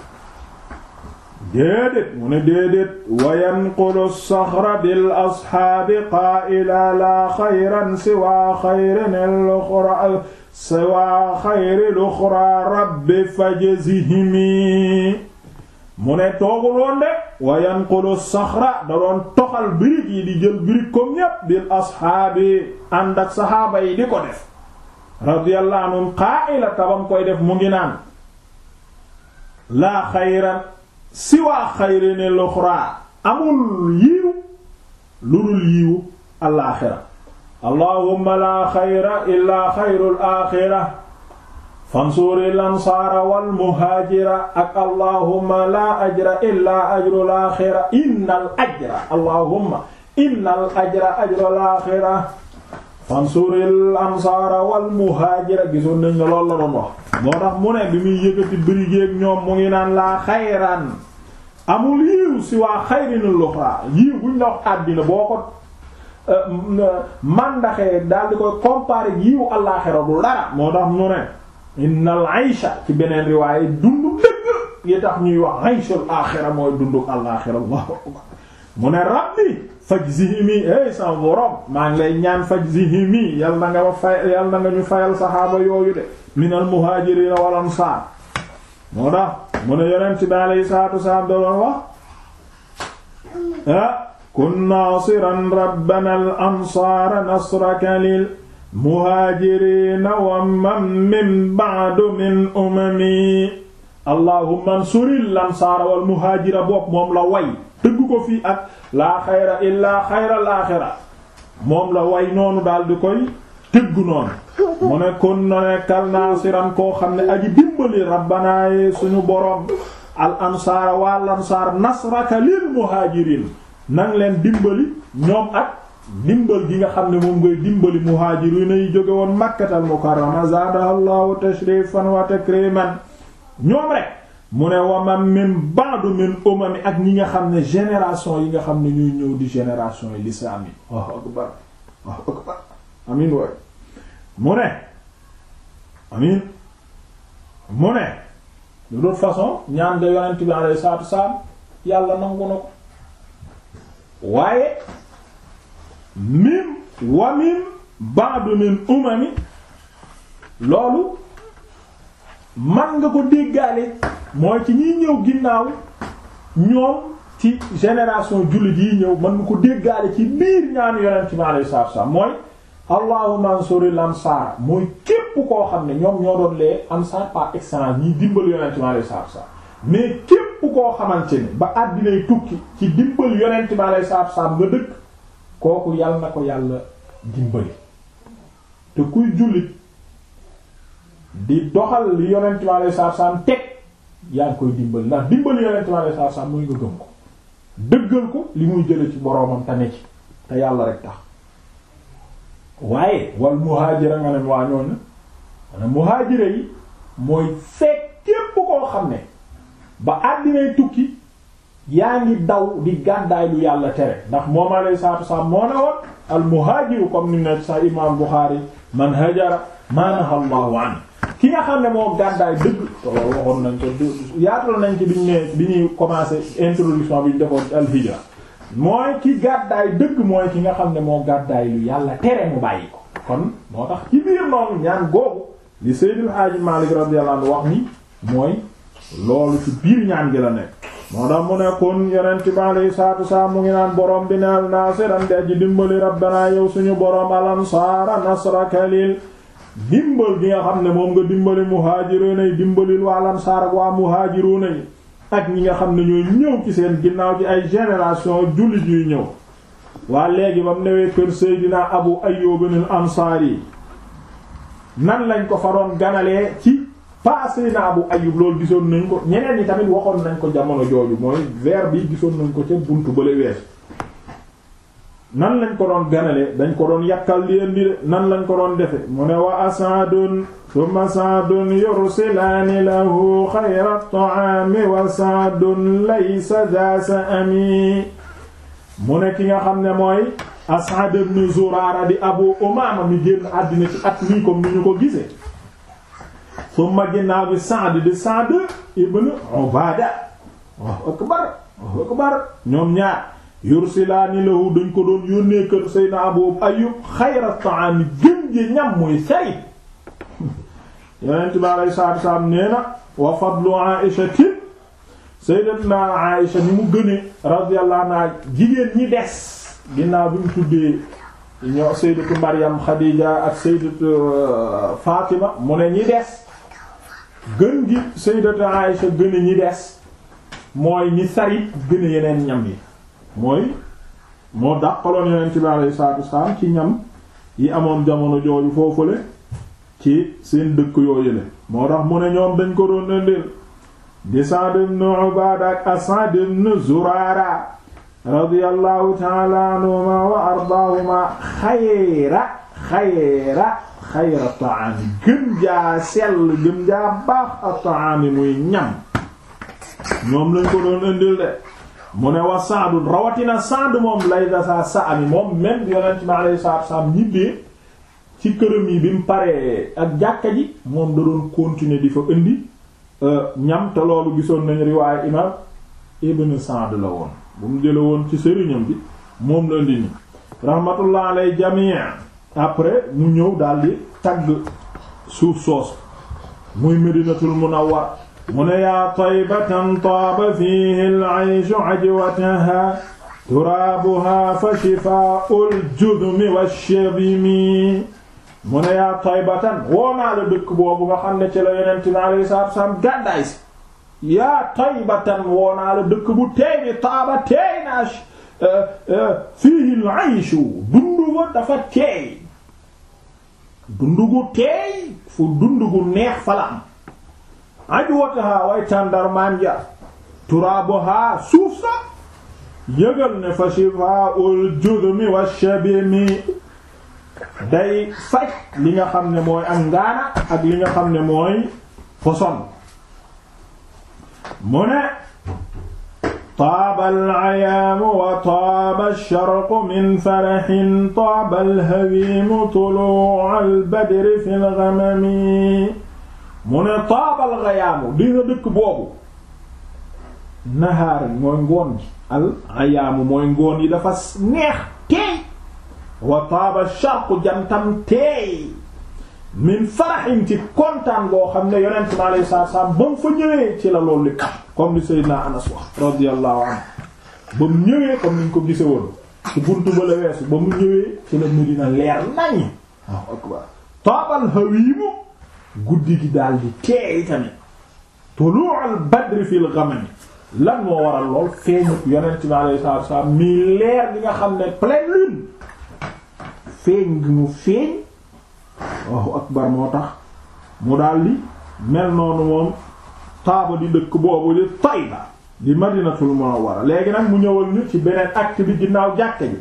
déedéet mu ne déedéet wa yanqulu saxra bil asxaabi qaa'ila laa xayran siwaa xayrin al-uxraa siwaa xayri al-uxraa rabbi fajzihimi mu ne tooguloon de wa yanqulu saxra da doon toxal birig yi di jël birig comme ñépp bil asxaabi ànd ak saxaaba yi di ko def radiyallahu anhum qaa'ila tabam koy def mu ngi naan laa xayran siwaa xayrini luxraa amul yiiw lu dul yiiwu alaaxira allahumma laa xayra illaa xayrul aaxira fansuuril ansaara wal muhaajira ak allahumma laa ajra illaa ajrul aaxira innal ajra allahumma innal ajra ajrul aaxira fansuuril ansaara wal muhaajira gisoon nañ la doon wax. moo tax mu bi muy yëkkati brigeeg ñoom mu ngi naan laa xayraan amul yiw si waa xayrinil uxraa yiw buñ la wax àddina boo ko. Euh, mandaxee euh, daal koy comparer yiw àllaaxira du dara moo tax mu innal aycha ci beneen riwaaye dundu dëgg yi tax ñuy wax aychul aaxira mooy dundu alaaxira allahu mu ne rabbi fajzihimi eh sama borom maa ngi lay ñaan fajzihimi yal na nga ma fay yal na nga ñu fayal saxaaba yooyu de minal muhaajiriina wal ansaar moo mu ne yonent salaatu wassalaam doon wax ah kun naasiran rabbana al ansaara nasraka lil muhaajiriina wa man min ba'du min umami allahumma ansuril lansaara wal muhaajira bopp moom la way tëgg ko fii ak laa xayra illaa xayral aaxira moom la way noonu daldi di koy tëgg noonu mu ne kon na nekkal koo xam ne aji dimbali rabbanaay suñu boroom al ansaara waa lansaar nasraka lil nang leen dimbali ñoom ak dimbal gi nga xam ne moom ngay dimbali muhaajiru nay jóge woon makkatal mukarrama zaadahallahu tashrifan wa takriman ñoom rek mu ne waman min ba'du min umami ak ñi nga xam ne génération yi nga xam ne ñuy ñëw di génération yi lislaam yi amin waay mu ne amin mu ne de toute façon ñaan nga yonent bi alayhi salaatu yàlla nangu na ko waaye mim wa mim ba'du min umami loolu man nga ko déggaale mooy ci ñiy ñëw ginnaaw ñoom ci génération jullit yi ñëw man nga ko déggaale ci biir ñaanu yonent mi alayhi salaatu wa salaam mooy allahumma ansuril ansaar mooy képp koo xam ne ñoom ñoo doon lee ansaar par excellence ñiy dimbal yonent mi alayhi salaatu wa képp koo xamante ne ba àddinay tukki ci dimbal yonent mi alayhi salaatu wa salaam nga dëkk kooku yal na ko yàlla dimbali te kuy jullit di doxal li yonent bi alayhi salaatu salaam teg yaa ngi koy dimbali ndax dimbali yonent bi alayhi salaatu salaam mooy nga gëm ko dëggal ko li muy jële ci boroomam te ne te yàlla rek tax waaye wal muhaajira nga ne waa yi mooy fekk képp koo xam ne ba àddinay tukki yaa ngi daw di gàddaay lu yàlla tere ndax moom alayhi salaatu wasalaam moo ne woon al muhaajiru comme ni ne sa imaam Buxaari man hajara maa naha Allahu an ki nga xam ne moom gàddaay dëgg loolu waxoon nañ ci bi ñu ne bi ñuy commencé introduction bi ñu defoon al hijra mooy ki gàddaay dëgg mooy ki nga xam ne moom gàddaay lu yàlla tere mu bàyyi ko kon moo tax ci biir noonu ñaan googu li Seydil Haaji Maalik radiyallahu anhu wax ni mooy loolu ci biir ñaan gi la nekk moo tax mu ne kon yonent bi alayhi salaatu mu ngi naan borom bi neel naasiran di aji dimbali rabbanaa yow suñu borom alansaara nasrakalil dimbal gi nga xam ne moom nga dimbali muhaajiruuna yi dimbalil wa alansaar ak waa muhaajiruuna yi ak ñi nga xam ne ñooy ñëw ci seen ginnaaw ci ay génération jullit yuy ñëw waa léegi ba mu newee kër Seydina Abu Ayyub al-Ansaari nan lañ ko fa doon ganalee ci passé na Abu Ayyub loolu gisoon nañ ko ñeneen ñi tamit waxoon nañ ko jamono jooju mooy vers bi gisoon nañu ko ca buntu bële wees nan lañ ko doon ganale dañ ko doon yàkkal leen di nan lañ ko doon defe mu ne wa asadun thumma saadun yursilaani lahu xayra at-ta'aami wa saadun laysa za sa'ami mu ne ki nga xam ne mooy As'ad ibn Zurara di Abu Umaama mi génn àddina ci at mii comme ni ñu ko gisee summa ginnaaw bi Sa'd di Sa'd ibn Ubaada waaw akbar waaw akbar ñoom ñaar yursilaani lahu dañ ko doon yónnee kër Seydina Abu Ayyub xayra ta'aami gën ji ñam muy say yonent bi alayhi salaatu salaam nee na wa fadlu Aïshati Sayyidatuna Aïsha ni mu gëne radiyallahu anha jigéen ñi des ginnaaw bi mu tuddee ñoo Sayyidatu Maryam Khadija ak Sayyidatu euh, Fatima mu ne ñi des gën gi sayyidatu Aïsha gën a ñi des mooy ñi sarit gën a yeneen ñam yi mooy moo dàqaloon yonent bi alayhi salaatu wasalaam ci ñam yi amoon jamono jooju foofule ci seen dëkk yooyu la moo tax mu ne ñoom dañ ko doon ëndeel di Sa'd ibn Ubaada ak As'ad ibn Zuraara radiyallahu ta'ala wa ardaahuma xayra xayra xayra taami gën jaa sell gën jaa baax ak taami muy ñam ñoom lañ ko doon indil de mu ne wa Saadu rawatina Saadu moom lay dasa sa ami moom ñibbee ci këram yi bi mu paree ak jàkka ji moom da doon continuer di fa indi euh, ñam te gisoon nañu riwaaye imam ibn Saad la woon bu mu jële woon ci sëriñam bi moom la indi ni rahmatullah alay jamii après mu ñëw daldi tagg suuf soos muy medinatul munawwar mu ne yaa taybatan taaba fiihi al-ayshu ajwataha turaabuha fa shifaa'ul judmi wash-shabimi mu ne yaa taybatan woo naa la dëkk boobu nga xam ne ci la yonent bi alayhi salaatu wassalaam gàddaay si yaa taybatan woo naa la dëkk bu teey bi taaba teey na eh, eh, fiihi al-ayshu dundu ba dafa teey dundu gu teey fu dundu gu neex fa la am ajwataha way tàndarmaan ja turaabuha suuf sa yëgal ne fa shifaa'ul judmi wa shabimi day faj li nga xam ne mooy am ngaana ak li nga xam ne mooy poson mu ne taaba alcayaamu wa taaba alsharqu min faraxin taaba alhawiimu tuluuca albadri fi lgamami mu ne taaba alcayaamu di nga dëkk boobu nahaar mooy ngoon gi alcayaamu mooy ngoon yi dafa neex teey wa taaba alsharqu jantam teey min faraxin ci kontaan boo xam ne yonent bi alayhi salaatu wa salaam ba mu fa ñëwee ci la loolu li kat comme li Seydina Anas wax radiyallahu anhu ba mu ñëwee comme niñ ko gise woon ci buntu ba la weesu ba mu ñëwee ci la Medina leer nañu waaw akbar taabal hawiimu guddi gi daal di teey tamit tulu'al badri fil ghamam lan moo waral lool feeñu yonent bi alayhi salaatu wasallam mi leer bi nga xam ne pleine lune feeñ gi mu feeñ waaw akbar moo tax mu daal mel noonu moom taaba di dëkk boobu di Tayba di madinatul munawwara léegi nag mu ñëwal ñu ci beneen acte bi ginnaaw jàkke ji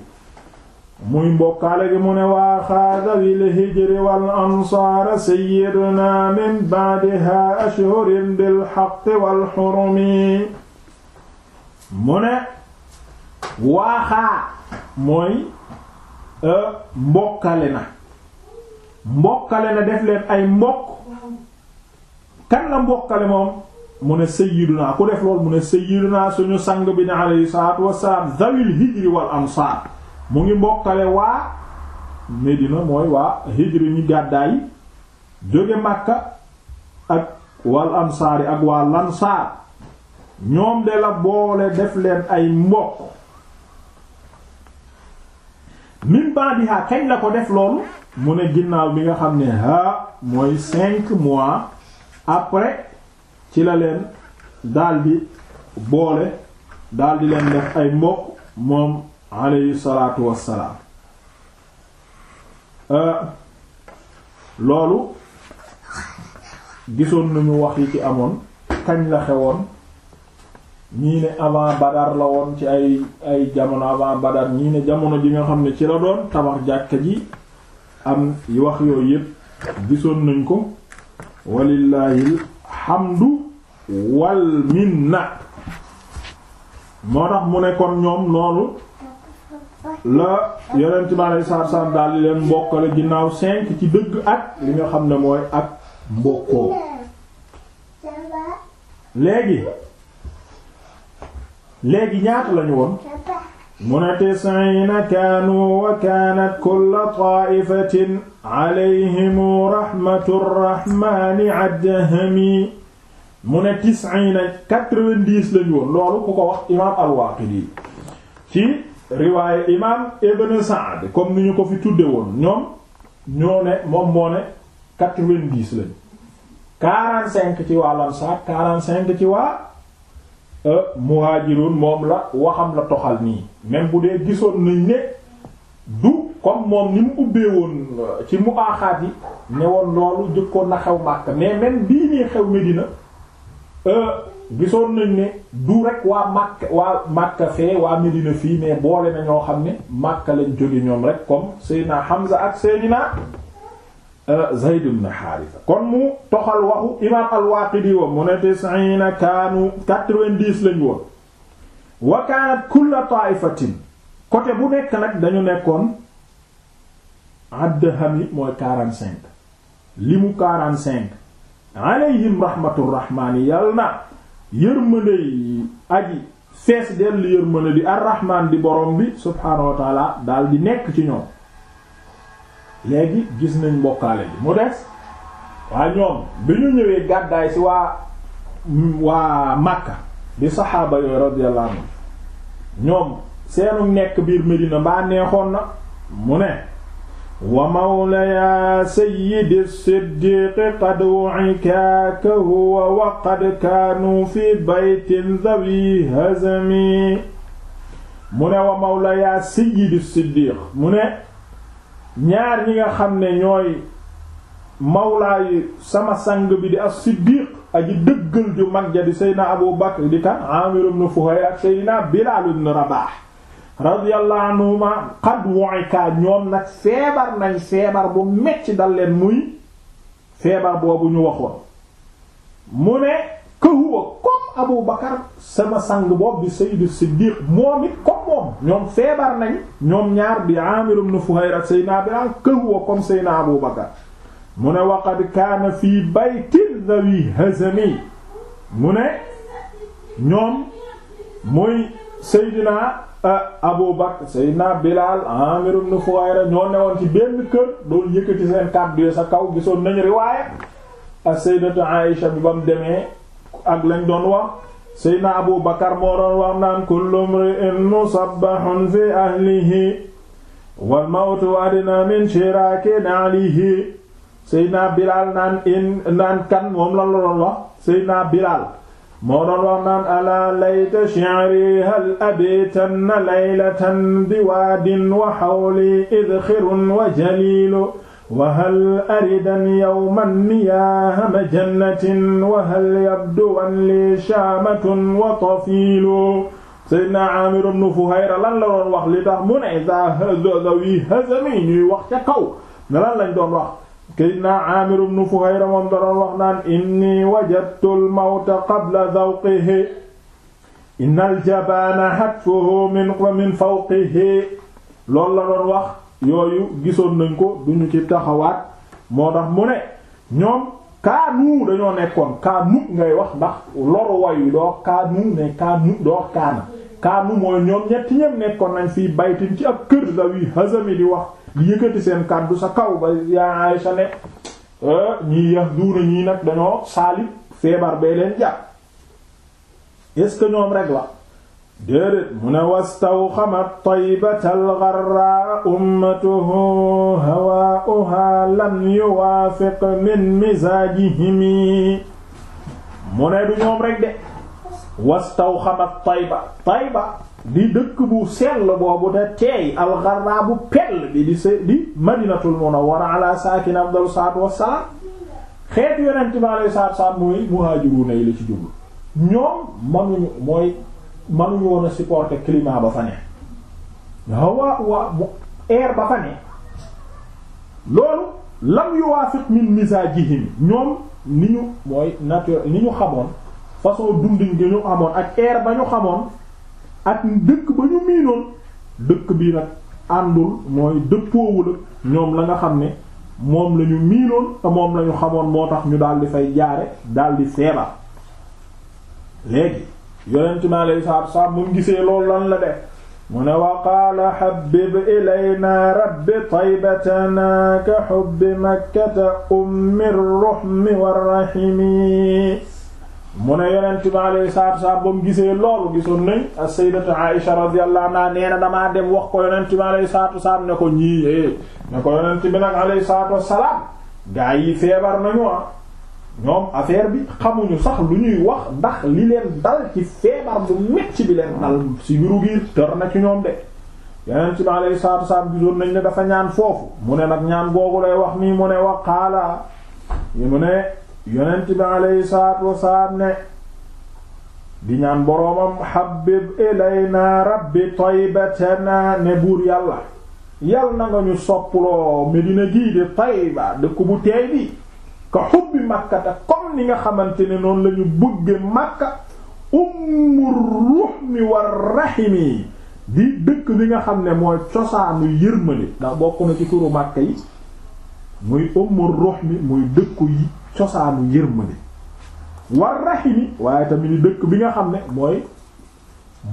muy mbokkaale gi mu ne waa xaada wil hijri wal ansaar sayyiduna min ba'diha ashhurin bil haqqi wal hurmi mu ne waaxaa mooy euh, mbokkale na mbokkale na def leen ay mbokk kan la mbokkale moom mu ne sayyiduna ku def lool mu ne sayyiduna suñu sang bi ne alayhi salaatu wassalaam zawil hijri wal ansaar mu ngi mbokkale waa Medina mooy waa hijri ñu gàddaay jóge Makka ak wal ansaar yi ak waa lansaar ñoom de la boole def leen ay mbokk min ba'diha kañ la ko def loolu mu ne ginnaaw bi nga xam ne haa mooy cinq mois après ci la leen daldi boole daldi leen def ay mbokk moom aleyhi salaatu wassalaam euh, loolu gisoon nañu wax yi ci amoon kañ la xewoon ñii ne avant Badar la woon ci ay ay jamono avant Badar ñii ne jamono ji nga xam ne ci la doon tabax jàkka ji am wax yooyu yépp gisoon nañ ko walillaahil hamdu wal minna moo tax mu ne kon ñoom loolu la yonent bi aleyhi salaatu salaam daal di leen mbokkale ginnaaw ci dëgg ak li nga xam ne mooy ak mbokkoo léegi léegi ñaata lañu woon mu ne tis'iina kaanu wa kaanat kullu alayhimu rahmatu rahmaani adhami mu ne tis'iina quatre-vingt-dix lañu woon loolu ku ko wax imaam al-Waaqidi ci riwaaye imaam Ibn Sa'd comme ni ñu ko fi tudde woon ñoom ñoo ne moom moo ne quatre-vingt-dix lañu quarante-cinq ci waa Ansaar quarante-cinq ci waa euh, Muhaajiruun moom la waxam la toxal nii même bu dee gisoon nañ ne du comme moom ni mu ubbee woon euh, ci mu yi ne woon loolu jëkkoon na xew Makka mais même bii nii xew Medina Euh, gisoon nañ ne du rek waa Makka waa Makka fee waa Medina fii mais boole na xam ne Makka lañ jóge ñoom rek comme Seydina Hamza ak Seydina euh, Zayd ibn Haritha kon mu toxal waxu imaam al mu ne tis'iina kaanu quatre-vingt-dix lañ woon wa kaanat taa'ifatin côté bu nekk nag dañu nekkoon adhami mooy quarante-cinq quarante-cinq alayhim rahmatur rahmaani yàlla na yërmande yi aji fees dell yërmande di arrahmaan di borom bi subhaanahu wa taala daal di nekk ci ñoom léegi gis nañ mbokkaale bi mu des waa ñoom bi ñu ñëwee gàddaay ci waa waa Makka di saxaaba yooyu radiyallahu ñoom seenu nekk biir Medina mbaa neexoon na mu ne wa mawlaya sayyidi siddiqi qad wucikaaka huwa wa qad kaanu fi baytin dhawi hazmi mu ne wa mawlaya sayyidi siddiq mu ne ñaar ñi nga xam ne ñooy mawlaayu sama sang bi di as siddiq aji dëggal ju mag ja di seydina abu bakr di kan amir ibn fuhay ak seydina bilaal ibn rabaax radiyallahu anhuma qad wu'ika ñoom nag feebar nañ feebar bu metti dal leen muy feebar boobu ñu waxoon mu ne ka huwa comme Abu Bakar sama sang boobu di Sayyidu moom it comme moom ñoom feebar nañ ñoom ñaar bi Amir ibn Fuhayra Seydina Bilaal ka huwa comme mu ne wa kaana fii baytin dhawi hazami mu ne ñoom muy Seydina Ah, Abu Bakr Seydina Bilal Amir ibn Fuwayra ñoo newoon ci benn kër doon yëkkati seen kàddu sa kaw gisoon nañu riwaaya ak ah, Sayyidatu Aïsha bi ba mu demee ak lañ doon wax Seydina Abu Bakar moo doon wax naan kullu mri'in musabbahun fi ahlihi wal mawtu adna min shiraki alihi Seydina Bilal naan in naan kan moom la la doon wax Seydina Bilal moo doon wax naan alaa layta shi'ri hal abitanna laylatan biwaadin wa hawli idxirun wa jalilu wa hal aridan yawman niyahama jannatin wa hal yabduwan li shaamatun wa tafilu Seydina Aamir ibn Fuhayra lan la doon wax li tax mu ne daa hazawi hazami ñuy wax ca kaw ne lan lañ doon wax Seydina Aamir ibn Fuhayra moom da doon wax naan inni wajadtu al-mawta qabla dhawqihi inna al-jabaana hatfuhu min wa min fawqihi loolu la doon wax yooyu gisoon nañ ko duñu ci taxawaat moo tax mu ne ñoom kaanu dañoo nekkoon kaanu ngay wax ndax loru wayu doo kaanu ne kaanu doo kaana kaanu mooy ñoom ñetti ñépp nekkoon nañ fii baytin ci ab kër la wi di wax di yëkkati seen kàddu sa kaw ba yaa sa ne euh, ñii yax duuna ñii nag dañoo saalib feebar bee leen jàpp est ñoom rek la déedéet mu ne wastawxamat taybata algarra ummatuhu hawaa'uha lam yuwaafiq min mizaajihimi mu ne du ñoom rek de wastawxamat tayba tayba di dëkk bu sell boobu te teey alxarraa pell bi di se di madinatul munawwara ala saakin afdalu salaatu wassalaam xeetu yonent bi alayhi salaatu wassalaam mooy muhaajiruuna yi la ci jublu ñoom manuñu mooy manuñu woon a supporter climat ba fa ne hawa wa bu air ba fa ne loolu lam yuwaafiq min mizaajihim ñoom ni ñu mooy nature ni ñu xamoon façon dundin gi ñu amoon ak air ba ñu xamoon ak dëkk ba ñu miinoon dëkk bii nag àndul mooy dëppoowul ak ñoom la nga xam ne moom la ñu miinoon te moom la ñu xamoon moo tax ñu daal di fay jaare daal di feebar léegi yonent mi alayhi salaatu wa salaam mu gisee loolu lan la def mu ne wa qaala habib ilayna rabbi taybatana ka hubbi makkata ummi ruhmi warrahimi mu ne yonent bi alayhi salaatu salaam ba mu gisee loolu gisoon nañ as-sayyidatu Aisha radiyallahu anha nee na damaa dem wax ko yonent bi alayhi salaatu salaam ne ko ñii eh ne ko yonent bi nag alayhi salaatu salaam gaa yi feebar nañu ah ñoom affaire bi xamuñu sax lu ñuy wax ndax li leen dal ci feebar bu metti bi leen dal ci biiru gi tër na ci ñoom de yonent bi alayhi salaatu salaam gisoon nañ ne dafa ñaan foofu mu ne nag ñaan googu lay wax nii mu ne wa qaala mu ne. yonent bi aleyhi salaatu ne di ñaan boroomam na ilayna rabbi taybatana ne buur yàlla yàlla na nga ñu soppuloo Medina gii de Tayba dëkk bu teey bi ka xubbi màkkata comme ni nga xamante ne noonu lañu ñu bëgge màkka ummur ruhmi war rahimi di dëkk bi nga xam ne mooy cosaanu yërmande ndax bokk na ci turu màkka yi muy ummur ruhmi muy dëkku yi cosaanu yërmande war raximi waaye tamit ni dëkk bi nga xam ne mooy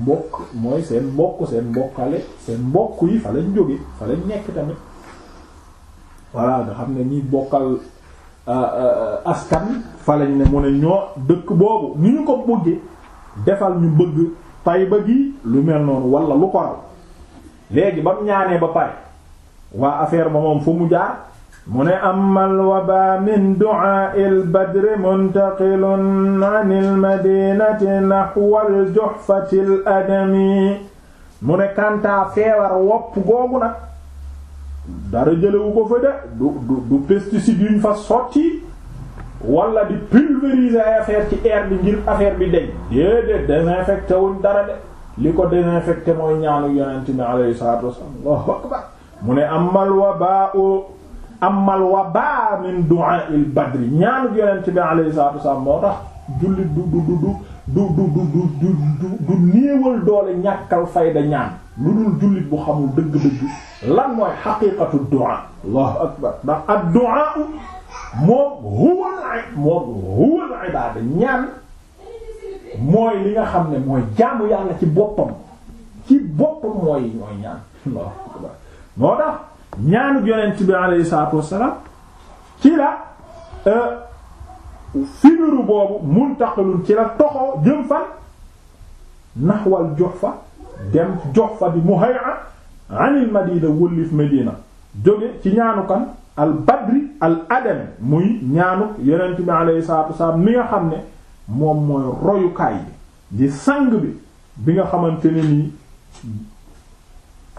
mbokk mooy seen mbokk seen mbokkale seen mbokk yi fa lañ jóge fa lañ nekk tamit voilà nga xam ne ni bokkal euh, euh, askan fa lañ ne mu ne ñoo dëkk boobu ni ñu ko bëggee defal ñu bëgg tay ba gi lu mel noonu walla lu ko raw léegi ba ñaanee ba pare waa affaire ba moom fu mu jaar mu ne amal waba min du'a il badri muntaqilun an il madinati naxwal juxfati adami mu ne kantaa feebar googu nag dara jëlewu ko fa de du du du fa sotti wala di pulvériser affaire ci air bi ngir affaire bi deñ déedéet désinfecté wuñ dara de li ko désinfecté mooy ñaanu yonent bi alayhi salaatu wasallam allahu akbar mu o amal wabaa min du'a il badri ñaanu yonent bi alayhi salaatu wasallam moo tax jullit du du du du du du du du néewal doole ñàkkal fayda ñaan lu dul jullit bu xamul dëgg-dëgg lan mooy xaqiiqatu du'a allahu akbar ndax ad du'a moom huwal moom huwal ibaada ñaan mooy li nga xam ne mooy jaamu yàlla ci boppam ci boppam mooy mooy ñaan allahu akbar moo tax ñaanu yonent bi alayhi salaatu ci la euh, fimiru boobu muntaqalun ci la toxo jëm fan naxwal Juhfa dem Juhfa bi muhay'a anil Madina wëllif Medina jóge ci ñaanu kan al badri al adami muy ñaanu yonent bi alayhi salaatu wassalaam mi nga xam ne moom mooy royukaay bi di sang bi bi nga xamante ni nii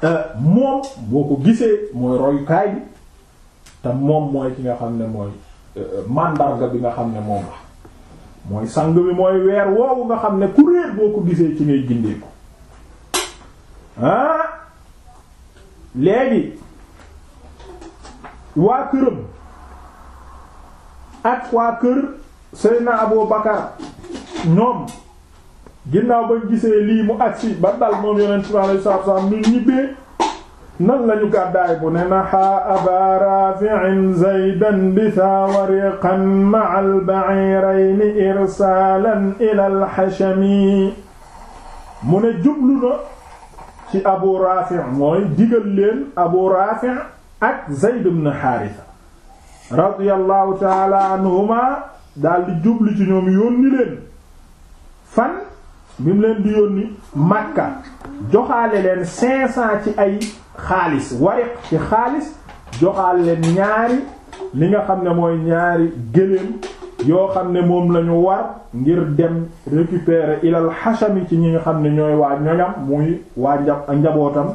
Euh, moom boo ko gisee mooy royukaay bi te moom mooy ki nga xam ne mooy euh, mandarga bi nga xam ne moom la mooy sang bi mooy weer woowu nga xam ne ku réer boo ko gisee ci ngay gindeeku ah léegi waa këram ak waa kër Seydina Abou baka noom ginnaaw bañ gisee lii mu agsi ba dal moom yonent bi alayhi salaatu wa salaam ñu ñibbee nan lañu gàddaay bu ne naxaa aba rafi'in zaydan bi saawariqan ma'a al-ba'iirayni irsaalan ila al-hashami mu ne jublu na ci abu rafi' mooy digal leen abu rafi' ak zayd ibn haarisa radiyallahu ta'ala anhuma daal di jublu ci ñoom yónni leen fan bi mu leen di yónni Makka joxaale leen cinq cent ci ay xaalis wariq ci xaalis joxaale leen ñaari li nga xam ne mooy ñaari gëléem yoo xam ne moom lañu ñu war ngir dem récupérer ilal xasami ci ñi nga xam ne ñooy waa ñoñam muy waa nja njabootam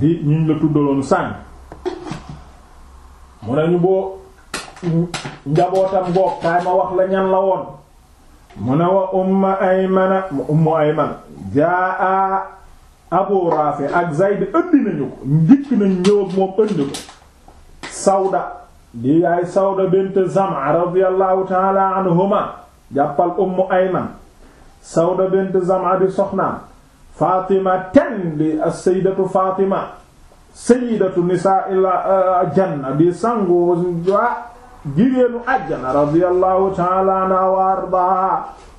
di ñu la tuddaloon sànn mu nañu boo njabootam goog kaay ma wax la ñan la woon mu ne wa umma aymana ummu ayman jaa a abu raafi ak zayd ëndi nañu ko njëkk nañ ñëw ak moom ëndi ko sawda di yaay sawda bint zama radiallahu taala anhuma jàppal ummu ayman sawda bint zama di soxnaam fatima ten di as-sayyidatu fatima sayyidatu nisaa il janna di sangu waa jigéenu àjjana radiyallahu ta'ala anha wa ardaha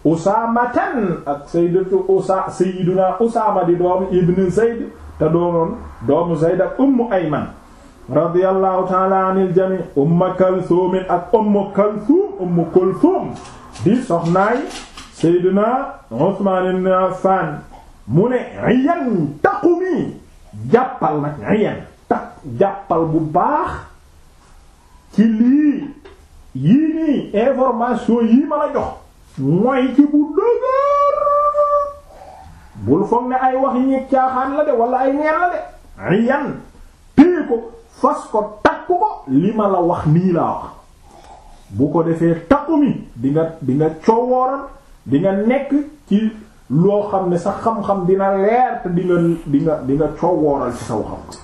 usaamatan ak sayyidatu usa sayyiduna usaama di doomu ibn zayd te doonoon doomu zayd ak ummu ayman radiyallahu ta'ala anil jami umm kalthum ak umm kalthum umm kalthum di soxnaay sayyiduna uthman ibn affan mu ne iyan taqumi jàppal nag iyan taq jàppal bu baax ci lii yii nii information yii ma la jox mooy ci bu dëgër bul foog ne ay wax yi caaxaan la de wala ay neen la de ay yan téye ko fas ko takk ko li ma la wax nii laa wax bu ko defee takku mi di nga di nga coowooral di nga nekk ci loo xam ne sa xam-xam dina leer te di nga di nga di nga coowooral ci sa xam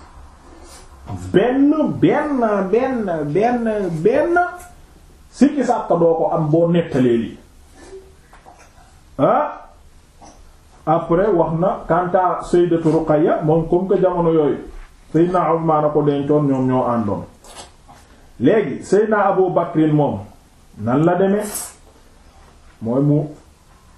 benn benn benn benn benn sikki sàkka doo ko am boo nettalee lii ah! après wax na kanta sayyidatu Ruqayya moom comme que jamono yooyu sayyidna Uthman a ko dencoon ñoom ñoo àndoon léegi sayyidna Abu Bakrin moom nan la demee mooy mu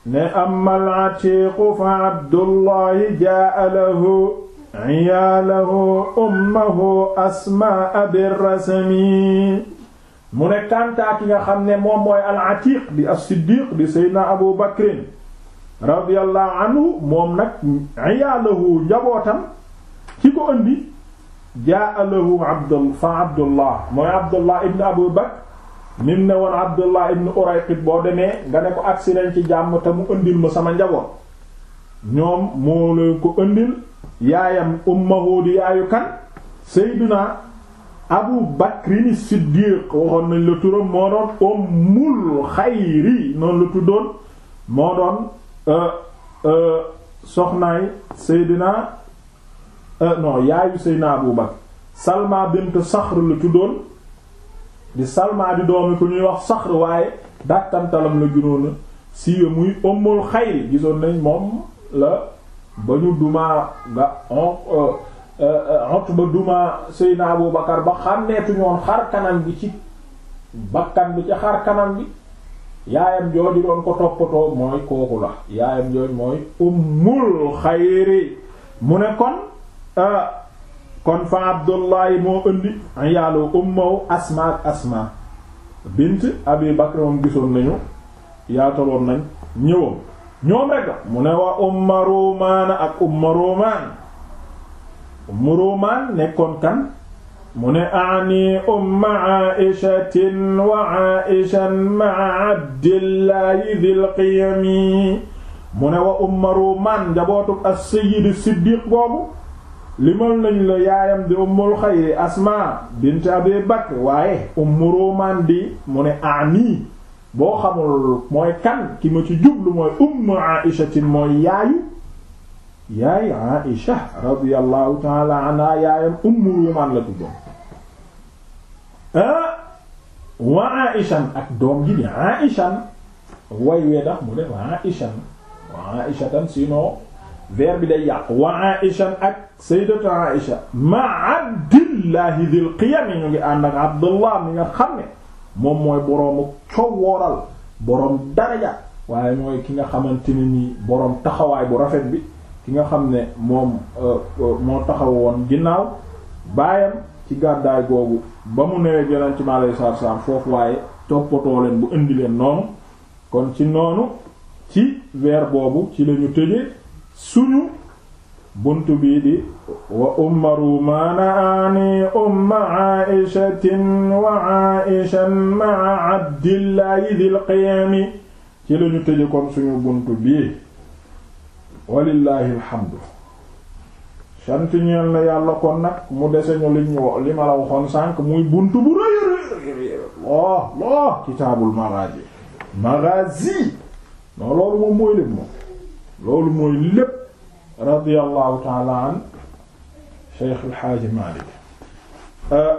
ne amal atiqu fa Abdullahi jaa lahu iyaalahu ummahu asmaa birrasmi mu ne kantaa nga xam ne moom mooy al atiq di as siddiq di seydna abu bakrin radiyallahu moom nag iyaalahu njabootam ci ko ëndi jaa lahu abdul fa abdullah mooy abdullah ibn abu bakr nim ne woon abdullah ibn urayqit boo demee nga ne ko accident ci jàmm te ëndil ma sama njaboot ñoom moo leen ko ëndil yaayam ummuhu di yaayu kan sayyiduna abu bakrin siddiq waxoon nañ la turam moo doon ummul xayri noonu la tuddoon moo doon euh, euh, soxnaay sayyidina euh, non yaayu sayyidina abu bakr salma bint saxr la tuddoon di salma di doomi ku ñuy wax saxr waaye dàkkantalam la junoona siiwe muy ummul xayri gisoon nañ moom la ba ñu duma nga Utba euh, euh, euh, duma Seydina Abu Bakar ba xàmmeetu ñoon xar kanam bi ci bakkan bi ci xar kanam bi yaayam jooju doon ko toppatoo mooy kooku la yaayam jooju mooy ummul xayri mu ne kon kon fa Abdullahi moo indi yàllu ummaw Asma Asma bint Abi Bakr moom gisoon nañu yaataloon nañ ñëwam ñoom rek mu ne waa umma romaana ak umma romaan umma romaan nekkoon kan mu ne ani umma aishatin wa aishan maa abdillahi dhil qiyami mu ne wa umma romaan njabootu as-sayyid siddiq boobu limal nañ la yaayam di ummul xayri asma bint abi bakr waaye umma romaan di mu ne ani boo xamul mooy kan ki ma ci jublu mooy ummu aishatin mooy yaayu yaay aisha radiyallahu taala anha yaayam ummu ruumaan la tuddoon ah, wa aishan ak doom ji di aishan way wee dax mu def aishan wa aishatan sinon verbe bi day yàq wa aishan ak sayyidatu aisha ma abdillahi dhil qiyam ñu ngi ànd ak abdullah mi nga xam ne moom mooy boroomu coowooral boroom daraja waaye mooy ki nga xamante ne nii boroom taxawaay bu rafet bi ki nga xam ne moom euh, euh, moo taxaw woon ginnaaw baayam ci gàddaay googu ba mu newee yonent mi alayhi salaatu salaam foofu waaye toppatoo leen bu indi leen noonu kon ci noonu ci weer boobu ci lañu tëje suñu bunt bii di wa umma rumaana umma aishatin wa aishan maa abdillahi dil qiyami ci lañu tëje kon suñu bunt bii walillahi alhamdu sant ñeel yàlla kon nag mu deseñu li ma la waxoon muy bunt bu rëy loo loo kitaabul maghazi maghazi non loolu mooy lépp moom loolu mooy lépp radiyallahu taala an Cheikh El Hadj Malick euh,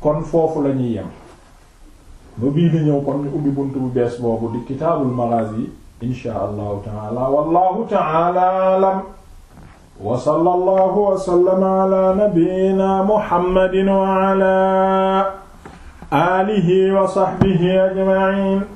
kon foofu la ñuy yem ba bii di ñëw kon ñu ubbi bunt bu bees boobu di kitaabul maghazi insha allahu taala wallahu taala alam wa sallallahu wa sallama ala nabiyyina muhammadin wa ala alihi wa sahbihi ajma'in